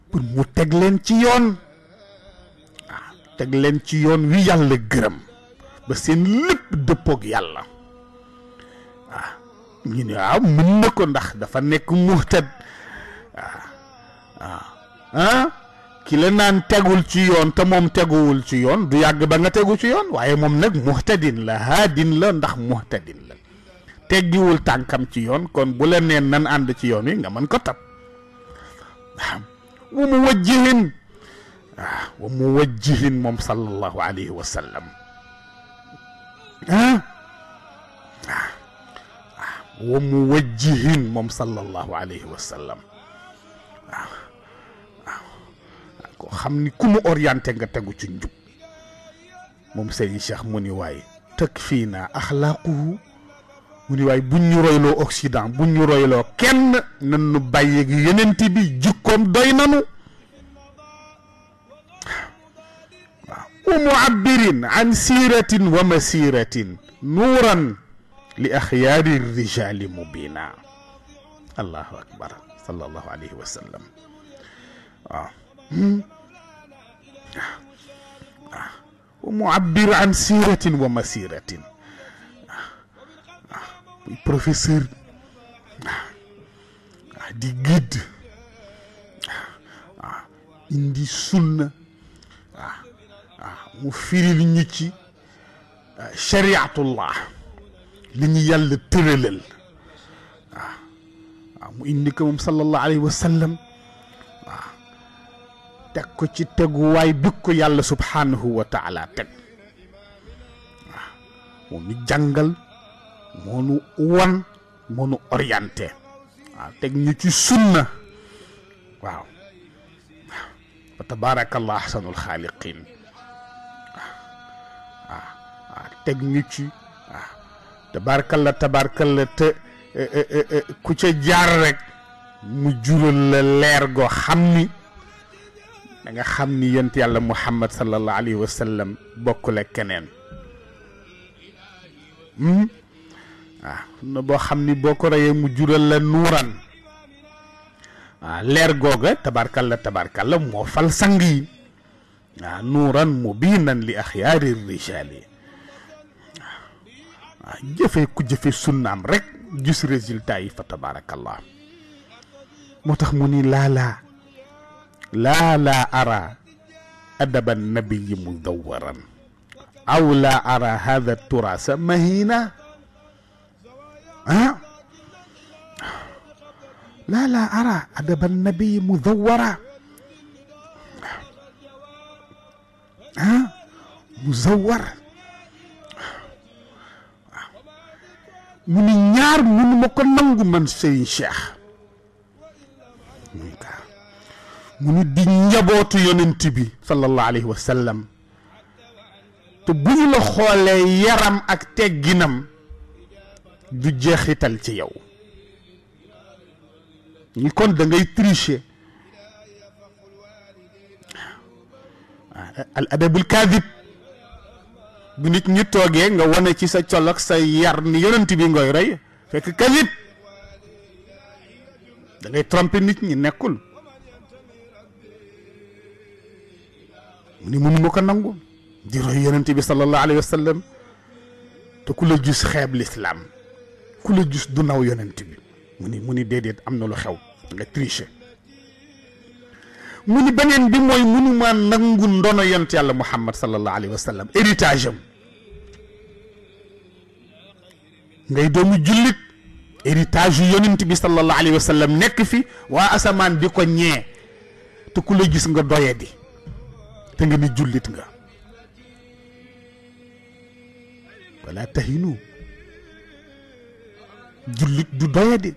pour mu teg leen ci yoon waaw teg leen ci yoon wi yàlla gërëm ba seen lépp dëppoog yàlla ñu ne waaw ah, mën na ko ndax dafa nekk muhtad waaw ah ki naan tegul ci yoon te moom teguwul ci yoon du yàgg ba nga tegu ci yoon waaye moom nag muhtadin la haadin la ndax muhtadin la teggiwul tànkam ci yoon kon bu la neen nan ànd ci yoon wi nga mën ko tab waaw wa mu wajjihin waaw wa mu wajjihin moom sallallahu alayhi wa sallam ah, وموجه مم صلى الله عليه وسلم آه. آه. خمني كم أوريانت عن تجو تنجو مم سيد الشيخ موني واي تكفينا أخلاقه موني واي بنيرو يلو أوكسيدان بنيرو يلو كن نن بايج يننتي بي جكم داينانو آه. ومعبرين عن سيرة ومسيرة نورا لأخيار الرجال مبينا الله أكبر صلى الله عليه وسلم آه. آه. آه. ومعبر عن سيرة ومسيرة آه. بروفيسور دي جد indi sunna mu firil ñu ci shariatullah li ñu yàlla tëralal waaw waaw mu indi ko moom sallallahu alayhi wa waaw teg ko ci teguwaay bi ko yàlla subhaanahu wa taala teg moom ñu jàngal moo nu wan moo nu orienté waaw teg ñu ci sunna waaw waaw fa waaw waaw teg ñu ci tabarkalla tabarkalla te ku ca jaar rek mu jural la leer goo xam ni da nga xam ni yent yàlla muhammad sallallahu alayhi wa sallam bokkul ak keneen waaw na boo xam ni boo ko reyee mu jural la nuuran waaw leer googa tabarkalla tabarkalla moo fal sang yi waaw nuuran mubinan li axyaari rijaali jëfee ku jëfe sunnam rek gis résultat yi fa tabarakallah motax tax mu ni la la ara أدب النبي مدورا أو لا أرى هذا التراث مهينا ها؟ لا لا أرى أدب النبي مدورا ها مزور mu ni ñaar mënu ma ko nangu man sëriñ cheikh mu ni di njabootu yonent bi sallallahu alayhi wa sallam te bu ñu la xoolee yaram ak tegginam du jeexital ci yow ñi kon da ngay tricher al adabul kadib bu nit ñi toogee nga wane ci sa col ak sa yar ni yonent bi ngoy rey fekk kasib da ngay tromper nit ñi nekkul mu ni mënuma ko nangu di roy yonent bi salallahu alayhi wa sallam te ku la gis xeeb lislaam ku la gis du naw yonent bi mu ni mu ni déedéet am na lu xew nga tricher muni benen bi moy munu ma nangu ndono yent yàlla muhammad sallallahu alaihi wasallam héritage am ngay doomu julit héritage yonent bi sallallahu alaihi wasallam nek fi wa asaman bi ko ñe te ku lay gis nga doye di te nga ni jullit nga wala tahinu julit du doye di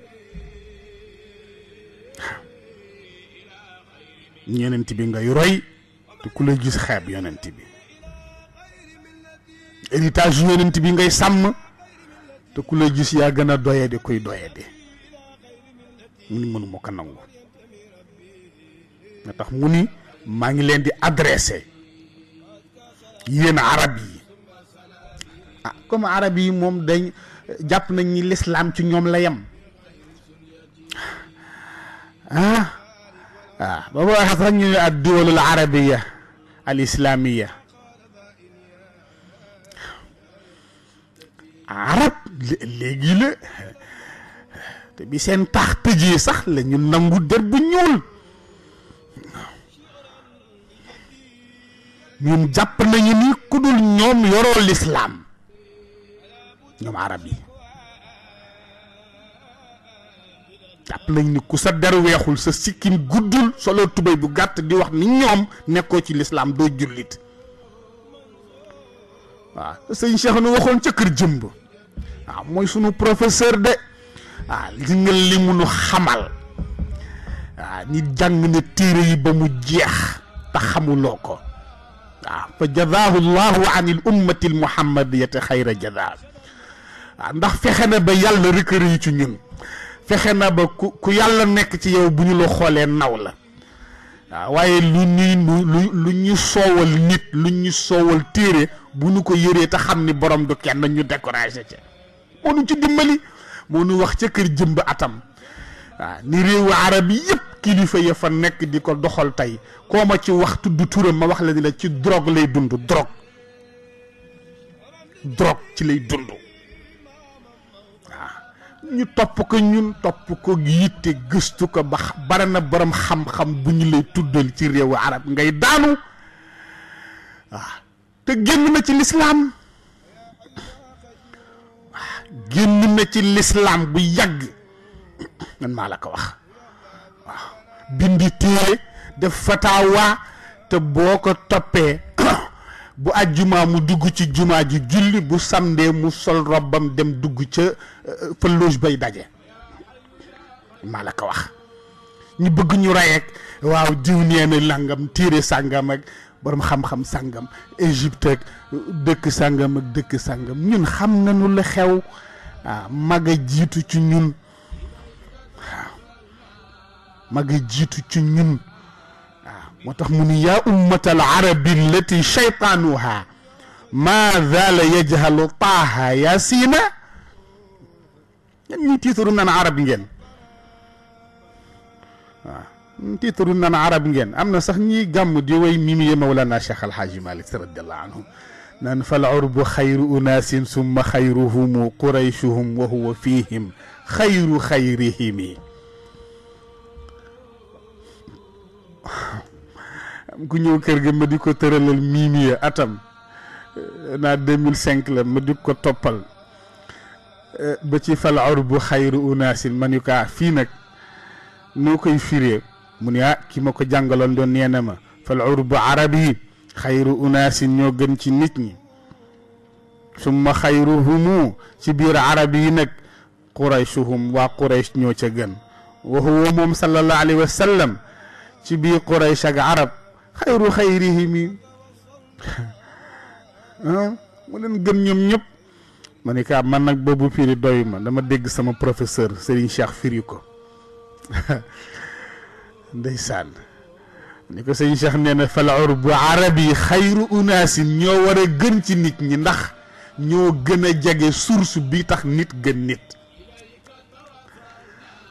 yonent bi ngay roy te la gis xeeb bi héritage yonent bi ngay sàmm te gis yaa gën a doye di kuy doye di mu ni mënuma ko maa ngi leen di adressé yéen arab yi ah comme arab yi moom dañ jàpp nañ ni lislaam ci ñoom la yem ah, waaw ah. ba boo xas rek ñu ne ad arabiya al islamiya arab léegi la te bi seen tax tëjee sax lañu ñu nangu der bu ñuul ñun jàpp nañu ni ku dul ñoom yoroo lislaam ñoom arab yi jàpp nañ ni ku sa der weexul sa sikkim guddul solo tubéy bu gàtt di wax ni ñoom nekkoo ci lislaam doo jullit waaw sëñ Cheikh nu waxoon ca kër jëmb waaw mooy sunu professeur de waaw li nga li munu xamal waaw nit jàng na téere yi ba mu jeex te xamuloo ko waaw fa jazaahu llahu an il ummati l muhammadiyati xayra jazaa waaw ndax fexe na ba yàlla rëkkëri yi ci ñun fexe na ba ku ku yàlla nekk ci yow bu ñu la xoolee naw la waaw waaye lu ñuy lu lu ñu soowal nit lu ñu soowal téere bu ñu ko yéree te xam ni borom du kenn ñu découragé ca moo nu ci dimbali moo nu wax ca kër jëmb atam waaw ni réewu arab yëpp kilifa ya fa nekk di ko doxal tey koo ma ci wax tudd turam ma wax la ni la ci drogue lay dund drogue drogue ci lay dund ñu topp ko ñun topp ko yitte gëstu ko ba bare na borom xam-xam bu ñu lay tuddal ci réewu arab ngay daanu waaw te génn na ci lislaam waaw na ci lislaam bu yàgg man maa la ko wax waaw bindi téere def fataawa te boo ko toppee bu àjjuma mu dugg ci juma ji julli bu samdee mu sol robbam dem dugg ca euh, fa bay daje maa la ko wax ñu bëgg ñu reyeeg waaw diw nee na tiire sàngam ak borom xam-xam sàngam Égypte ak dëkk sàngam ak dëkk sàngam ñun xam nañu la xew waaw ah, mag a jiitu ci ñun waaw ah, mag a jiitu ci ñun moo tax mu ni yaa ummatal arabi allati cheytaanuha ma zaala yajhalu taaha yasina ñan ñuy tiitaru naan arab ngeen waaw ñu tiitaru naan arab ngeen am na sax ñiy gàmm di way mimiye mawlana cheikh alhaaji malik radiallahu anhu naan fal urbu xayru unaasin summa xayruhum quraychuhum wa huwa fihim xayru xayrihimi ku ñëw kër ga ma di ko tëralal miimiya atam euh, naa la ma di ko toppal euh, ba ci fal urbu xayru unaasin ma ni ko ah, fii nag noo koy firee mu ne ah ki ma ko jàngaloon doon nee na ma fal urbu arabi xayru unaasin ñoo gën ci nit ñi summa xayruhumu ci biir arab yi nag quraychuhum waa quraysh ñoo ca gën wa huwa moom sallallahu alayhi wa ci biir quraysh ak arab xayru xayrihim yi ah, mu leen gën ñoom ñëpp ma ne kaa man nag boobu firi doy ma dama dégg sama professeur Serigne Cheikh firi ko ndeysaan ni ko Serigne Cheikh nee na fal urbu arabi xayru unaasin ñoo war a gën ci nit ñi ndax ñoo gën a jege source bi tax nit gën nit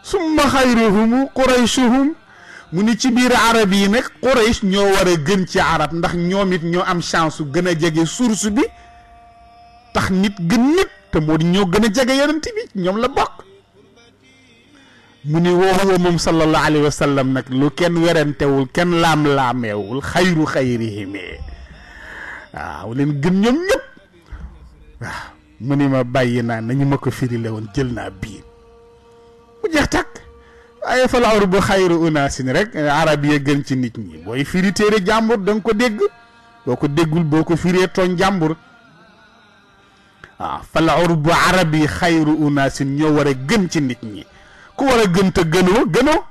summa xayruhum quraychuhum mu ni ci biir arab yi nag quraish ñoo war a gën ci arab ndax ñoom it ñoo am chance su gën a jege source bi tax nit gën nit te moo di ñoo gën a jege yonent bi ñoom la bokk mu ni woowu moom sallallahu alayhi wa sallam nag lu kenn werantewul kenn laam-laameewul xayru xayrihimee waaw leen gën ñoom ñëpp waaw mu ni ma bàyyi naa nañu ma ko firi la woon jël naa bii mu jeex tàkk waaye fal arbu xayru unaasin rek eh, arab yi gën ci nit ñi booy firi téere jàmbur danga nga ko dégg boo ko déggul boo ko firee tooñ jàmbur waaw ah, fal arbu arab yi xayru unaasin war a gën ci nit ñi ku war a gën te gënoo gënoo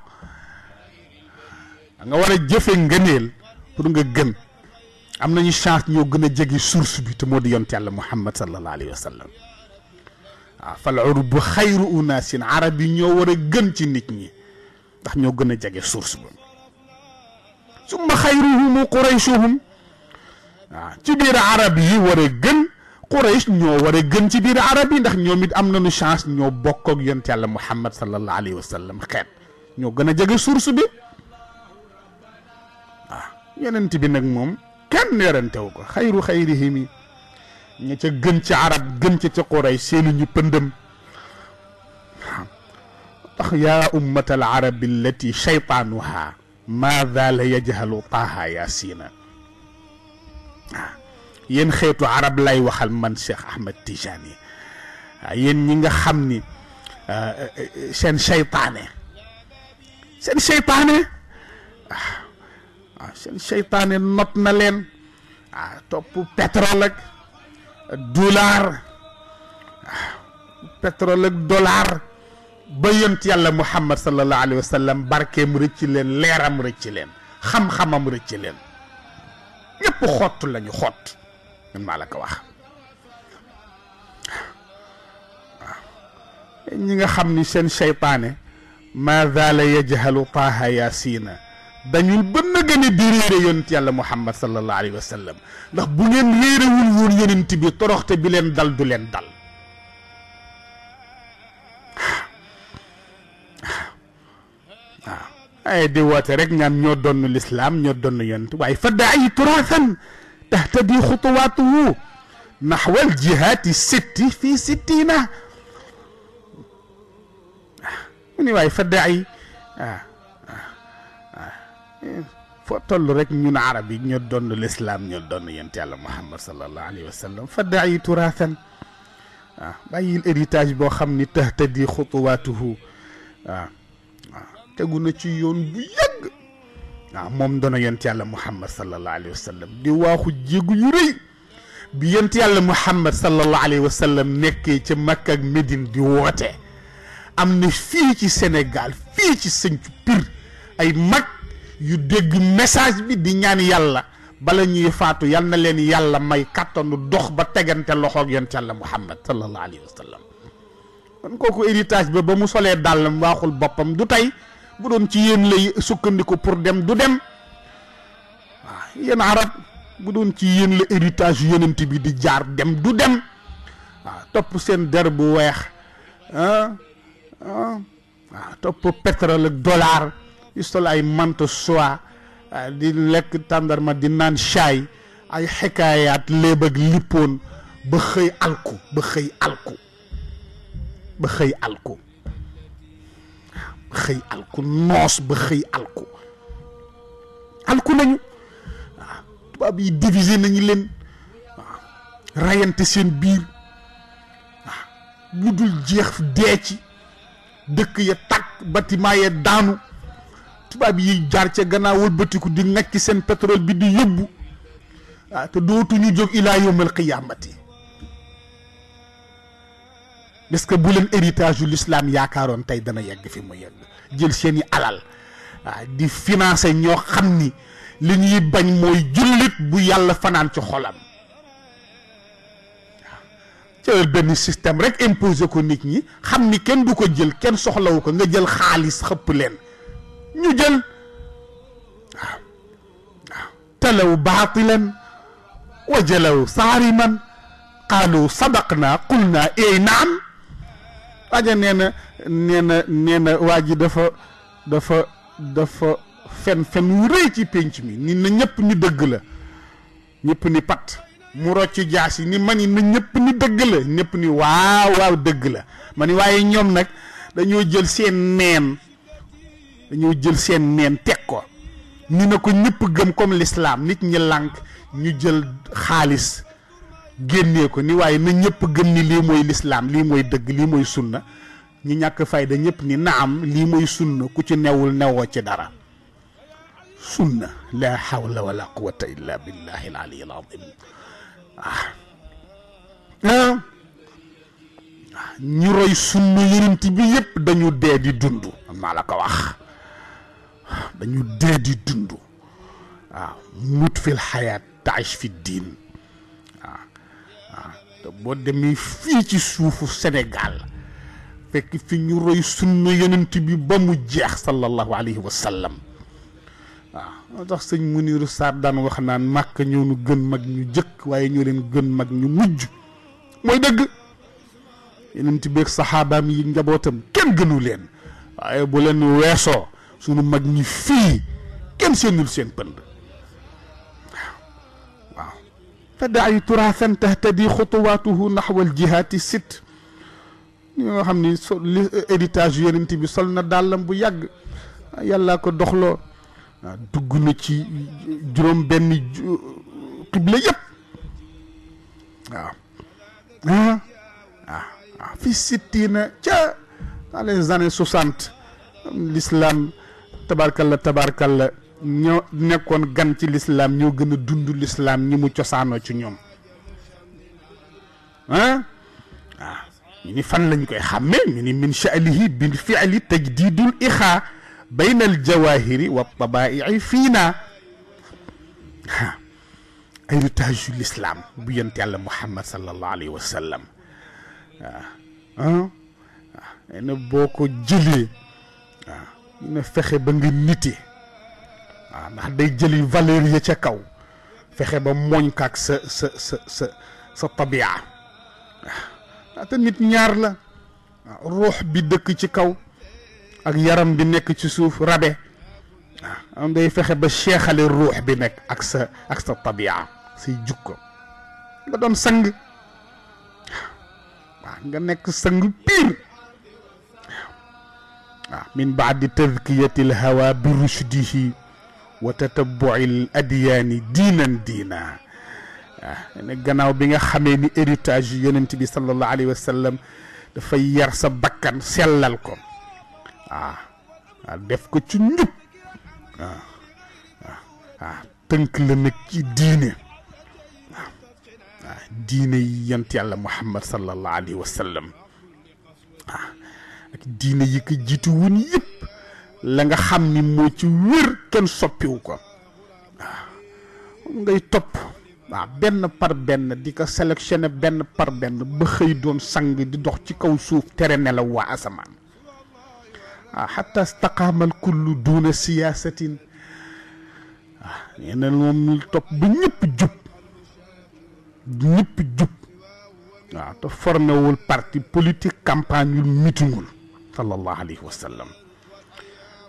nga a jëfe ngëneel pour nga gën am nañu chance ñoo gën a jege source bi moo di yont yàlla muhammad sallallahu alayhi wa sallam waaw ah, fal arbu xayru arab yi ñoo war a gën ci nit ñi تخ ньо گنا جاگي سورس با ثم خيرهم قريشهم تي بير عربي وري گن قريش ньо وري گن تي بير عربي تخ ньо ميد امنا نو شانس ньо بوكو اك يونت يالله محمد صلى الله عليه وسلم خيت ньо گنا جاگي سورس بي يننت بي نك موم كان نيرنتو خير خيرهم ني تي گن تي عرب گن تي قريش سينو ني پندم يا أمة العرب التي شيطانها ماذا لا يجهل طه يا سينا ين خيط عرب لاي وخال من شيخ أحمد تيجاني ين نيغا خمني سن شيطاني سن شيطاني سن شيطاني نطنا لين توب بترولك دولار بترولك دولار بينت يالله محمد صلى الله عليه وسلم باركه مريتيلن ليرام مريتيلن خم خم مريتيلن ييب خوت لا ني خوت من مالك واخ نيغا خامني سين شيطان ما زال يجهل طه ياسين دانيل بن غني ديريري يونت يالله محمد صلى الله عليه وسلم لا بو نين ليري وول وور يونت بي توروخت بي لين دال دولين دال di woote rek ñaan ñoo donn lislaam ñoo donn yonent waaye fa daayi turaathan tahtadi xutuwaatuhu naxwa aljihaati sitti fii sittiina mu ni waaye fa daayi waaw waaw foo toll rek ñun arab yi ñoo donn lislaam ñoo donn yonent yàlla muhammad salallahu alayhi wa sallam fa daayi turaathan waaw bàyyil héritage boo xam ni tahtadi xutuwaatuhu waaw tegu na ci yoon bu yàgg waaw moom doona yont yàlla muhammad sallallahu alayhi wa sallam di waaxu jéegu ñu rëy bi yont yàlla muhammad sallallahu alayhi wa sallam nekkee ca Makka ak Médine di woote am na fii ci Sénégal fii ci sëncu pir ay mag yu dégg message bi di ñaan yàlla bala ñuy faatu yal na leen yàlla may kàttanu dox ba tegante loxoog yont yàlla muhammad sallallahu alayhi wa sallam kooku héritage ba ba mu solee dàllam waaxul boppam du tey bu doon ci yéen lay sukkandiku pour dem du dem waaw yéen arab bu doon ci yéen la héritage yonent bi di jaar dem du dem waaw topp seen der bu weex ah waaw topp pétrole ak dollar yu sol ay mante soie di lekk tàndarma di naan shaay ay xikaayaat léeb ak lippoon ba xëy alku ba xëy alku ba xëy alku xëy alku noos ba xëy alku alku nañu tubaab yi divisé nañu leen waaw rayante seen biir waaw lu dul jeex dee dëkk ya tàkk bâtiment ya daanu tubaab yi jaar ca gannaaw wëlbatiku di nekk seen pétrole bi di yóbbu waaw te dootuñu jóg ilaa yawmal qiyaamati ce que bu héritage de l'islam yaakaaroon tey dana yegg fi mu yegg jël seeni alal waa di financer ñoo xam ni li ñuy bañ mooy jullit bu yàlla fanaan ci xolam waaw jëlal benn système rek imposer ko nit ñi xam ni kenn du ko jël kenn soxlawu ko nga jël xaalis xëpp leen ñu jël waaw waaw talaw baatilan wa jalaw saariman qaalu sadaqna qulna ey naam waaja nee na nee na nee waa ji dafa dafa dafa fen fen wu rëy ci pénc mi ni na ñëpp ni dëgg la ñépp ni pat mu rocc jaas yi ni ma na ñëpp ni dëgg la ni waaw waaw dëgg la mani waaye ñoom nag dañoo jël seen neen dañoo jël seen neen teg ko ni na ko ñëpp gëm comme l'islam nit ñi lànk ñu jël xaalis génnee ko ni waaye na ñëpp gëm ni lii mooy lislaam lii mooy dëgg lii mooy sunna ñi ñàkk fayda ñëpp ni am lii mooy sunna ku ci newul newoo ci dara sunna laa hawla wala quwata illa billahi al aliy al azim ah. Ah. Ah, ñu roy sunna yërënt bi yëpp dañu dee di dund maa la ko wax dañu dee di dund waaw mut fi l xayaat taish fi diin boo demee fii ci suufu Sénégal fekk fi ñu roy sunna yonent bi ba mu jeex sallallahu alayhi wa sallam waaw moo tax sëñ Muniru Sarr daan wax naan màkk ñoo nu gën mag ñu jëkk waaye ñoo leen gën mag ñu mujj mooy dëgg yonent bi ak saxaabaam yi njabootam kenn gënu leen waaye bu leen weesoo sunu mag ñi fii kenn seenul seen pënd فدعي تراثا تهتدي خطواته نحو الجهات الست ñoo xam ni so li héritage yonent bi sol na dàllam bu yàgg yàlla ko doxloo waaw dugg na ci juróom benn xibla yëpp waaw ah ah fi sittina ca dans les années soixante l'islam tabarkalla tabarkalla ñoo nekkoon gan ci lislaam ñoo gën a dund lislaam ñi mu cosaanoo ci ñoom ah waaw ñu ni fan lañ koy xàmmee ñu ni min sha'lihi bi fi'li tajdidul ixaa bayna al jawahiri wa tabaii fiina héritage yu lislaam bu yent yàlla muhammad sallallahu alayhi wa sallam waaw ne boo ko jëlee waaw ñu ne fexe ba nga nite waaw ndax day jëli valeur ya ca kaw fexe ba mooñ kaak sa sa sa sa sa tabia waaw te nit ñaar la ruux bi dëkk ci kaw ak yaram bi nekk ci suuf rabe waaw am day fexe ba seexale ruux bi nekk ak sa ak sa tabia say jukko nga doon sang waaw nga nekk sang piir waaw min baadi tadkiyati l hawa bi rushdihi وتتبع الأديان دينا دينا غناو آه، بيغا خامي ني هيريتاج يونت بي صلى الله عليه وسلم دا فاي يار سا بكان سلال كو اه, آه، ديف كو تي نيب اه اه, آه، تنك لا نك تي دين دين ينت يالا محمد صلى الله عليه وسلم اه ديني يك جيتو ون ييب la nga xam ni moo ci wér kenn soppiwu ko waaw ngay topp waaw benn par benn di ko sélectionné benn par benn ba xëy doon sang di dox ci kaw suuf tere ne la waa asamaan waaw xata staqaamal kullu duuna siyaasatin waaw nee moom ñu topp ba ñëpp jub ñëpp jub waaw te formewul parti politique campagne ul mitingul sallallahu alayhi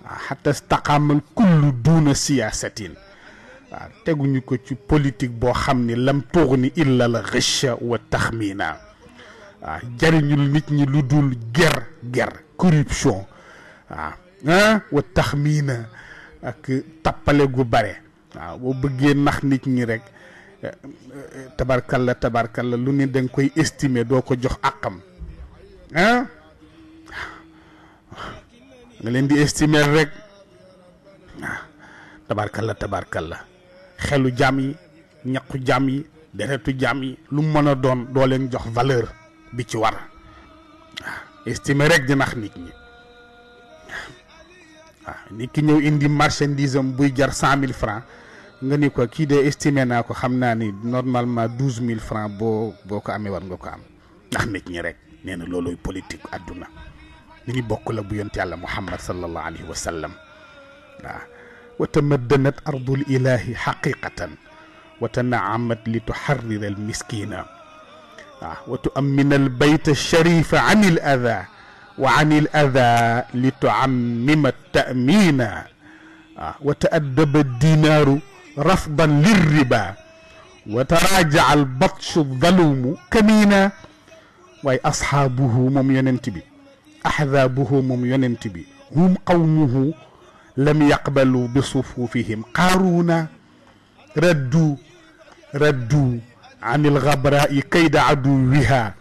waaw xatta staqaamal kullu duuna siyaasatin waaw ah, teguñu ko ci politik boo xam ni lam tuxni ni la rëcha wa taxmina waaw ah, jariñul nit ñi lu dul ger ger corruption waaw ah, wa taxmina ak tappale gu bare waaw boo bëggee nax nit ñi rekk la eh, eh, tabarkalla la lu ne danga koy estimer doo ko jox àkkam nga leen di estimer rek ah, tabarkal la tabarkal la xelu jàmm yi ñaqu jàmm yi deretu jàmm yi lu mën a doon doo leen jox valeur bi ci war waaw ah, rek di nax nit ñi waaw ah, nit ki ñëw indi marchandise buy jar cent mille francs nga ni ko kii de estimé naa ko xam naa ni normalement douze mille francs boo boo ko amee war nga ko am ndax nit ñi rek nee na looluy politique àdduna ngi bokk la bu yont yàlla muhammad sallallahu alayhi wa sallam waaw wa tamaddanat ardul ilahi xaqiqatan wa tanaamat li tuxarrira al miskina waaw wa tuammina al bayta sharifa an il ada wa an il ada li tuammima tamina waaw wa taadaba dinaaru rafdan lirriba wa taraja al batshu dalumu kamina waaye asxaabuhu moom yonent bi احزابه moom يوننت بي هم قومه لم يقبلوا بصفوفهم قارون ردوا ردوا عن الغبراء كيد عدوها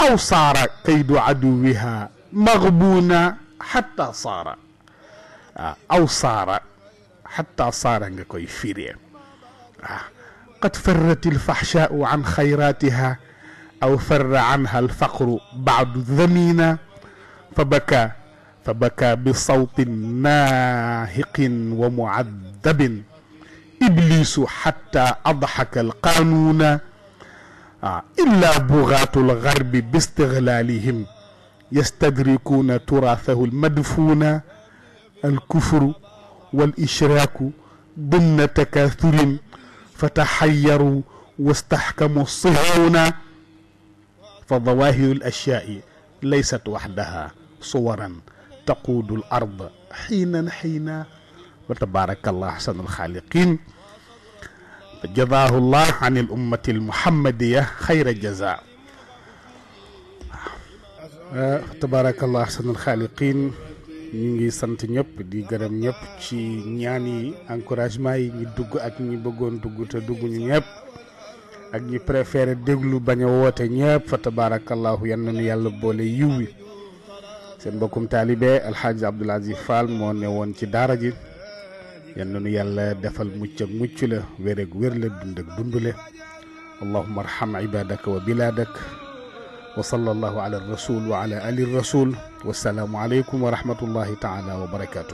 أو صار كيد عدوها مغبونا حتى صار آه، أو صار حتى صار نكوي فيري آه، قد فرت الفحشاء عن خيراتها أو فر عنها الفقر بعد ذمينا فبكى فبكى بصوت ناهق ومعذب إبليس حتى أضحك القانون آه، إلا بغاة الغرب باستغلالهم يستدركون تراثه المدفون الكفر والإشراك ضمن تكاثر فتحيروا واستحكموا الصهيون فظواهر الأشياء ليست وحدها صورا تقود الأرض حينا حينا وتبارك الله أحسن الخالقين جزاه الله عن الأمة المحمدية خير الجزاء تبارك الله أحسن الخالقين ñu ngi sant ñëpp di gërëm ñëpp ci ñaan yi encouragement yi ñi dugg ak ñi bëggoon dugg te dugg ñu ñëpp ak ñi préféré déglu bañ a woote ñëpp fa tabarakallahu yal nañu yàlla boole yiw wi seen mbokkum taalibe alxaaji Abdoul Aziz Fall mo newon ci dara ji yal na yàlla defal mucc ak mucc la wér ak wér la dund ak dund la allahuma arham ibadaka wa biladak wa sallallahu ala rasul wa ala ali rasul wasalaamu aleykum wa rahmatullahi taala wa barakatuh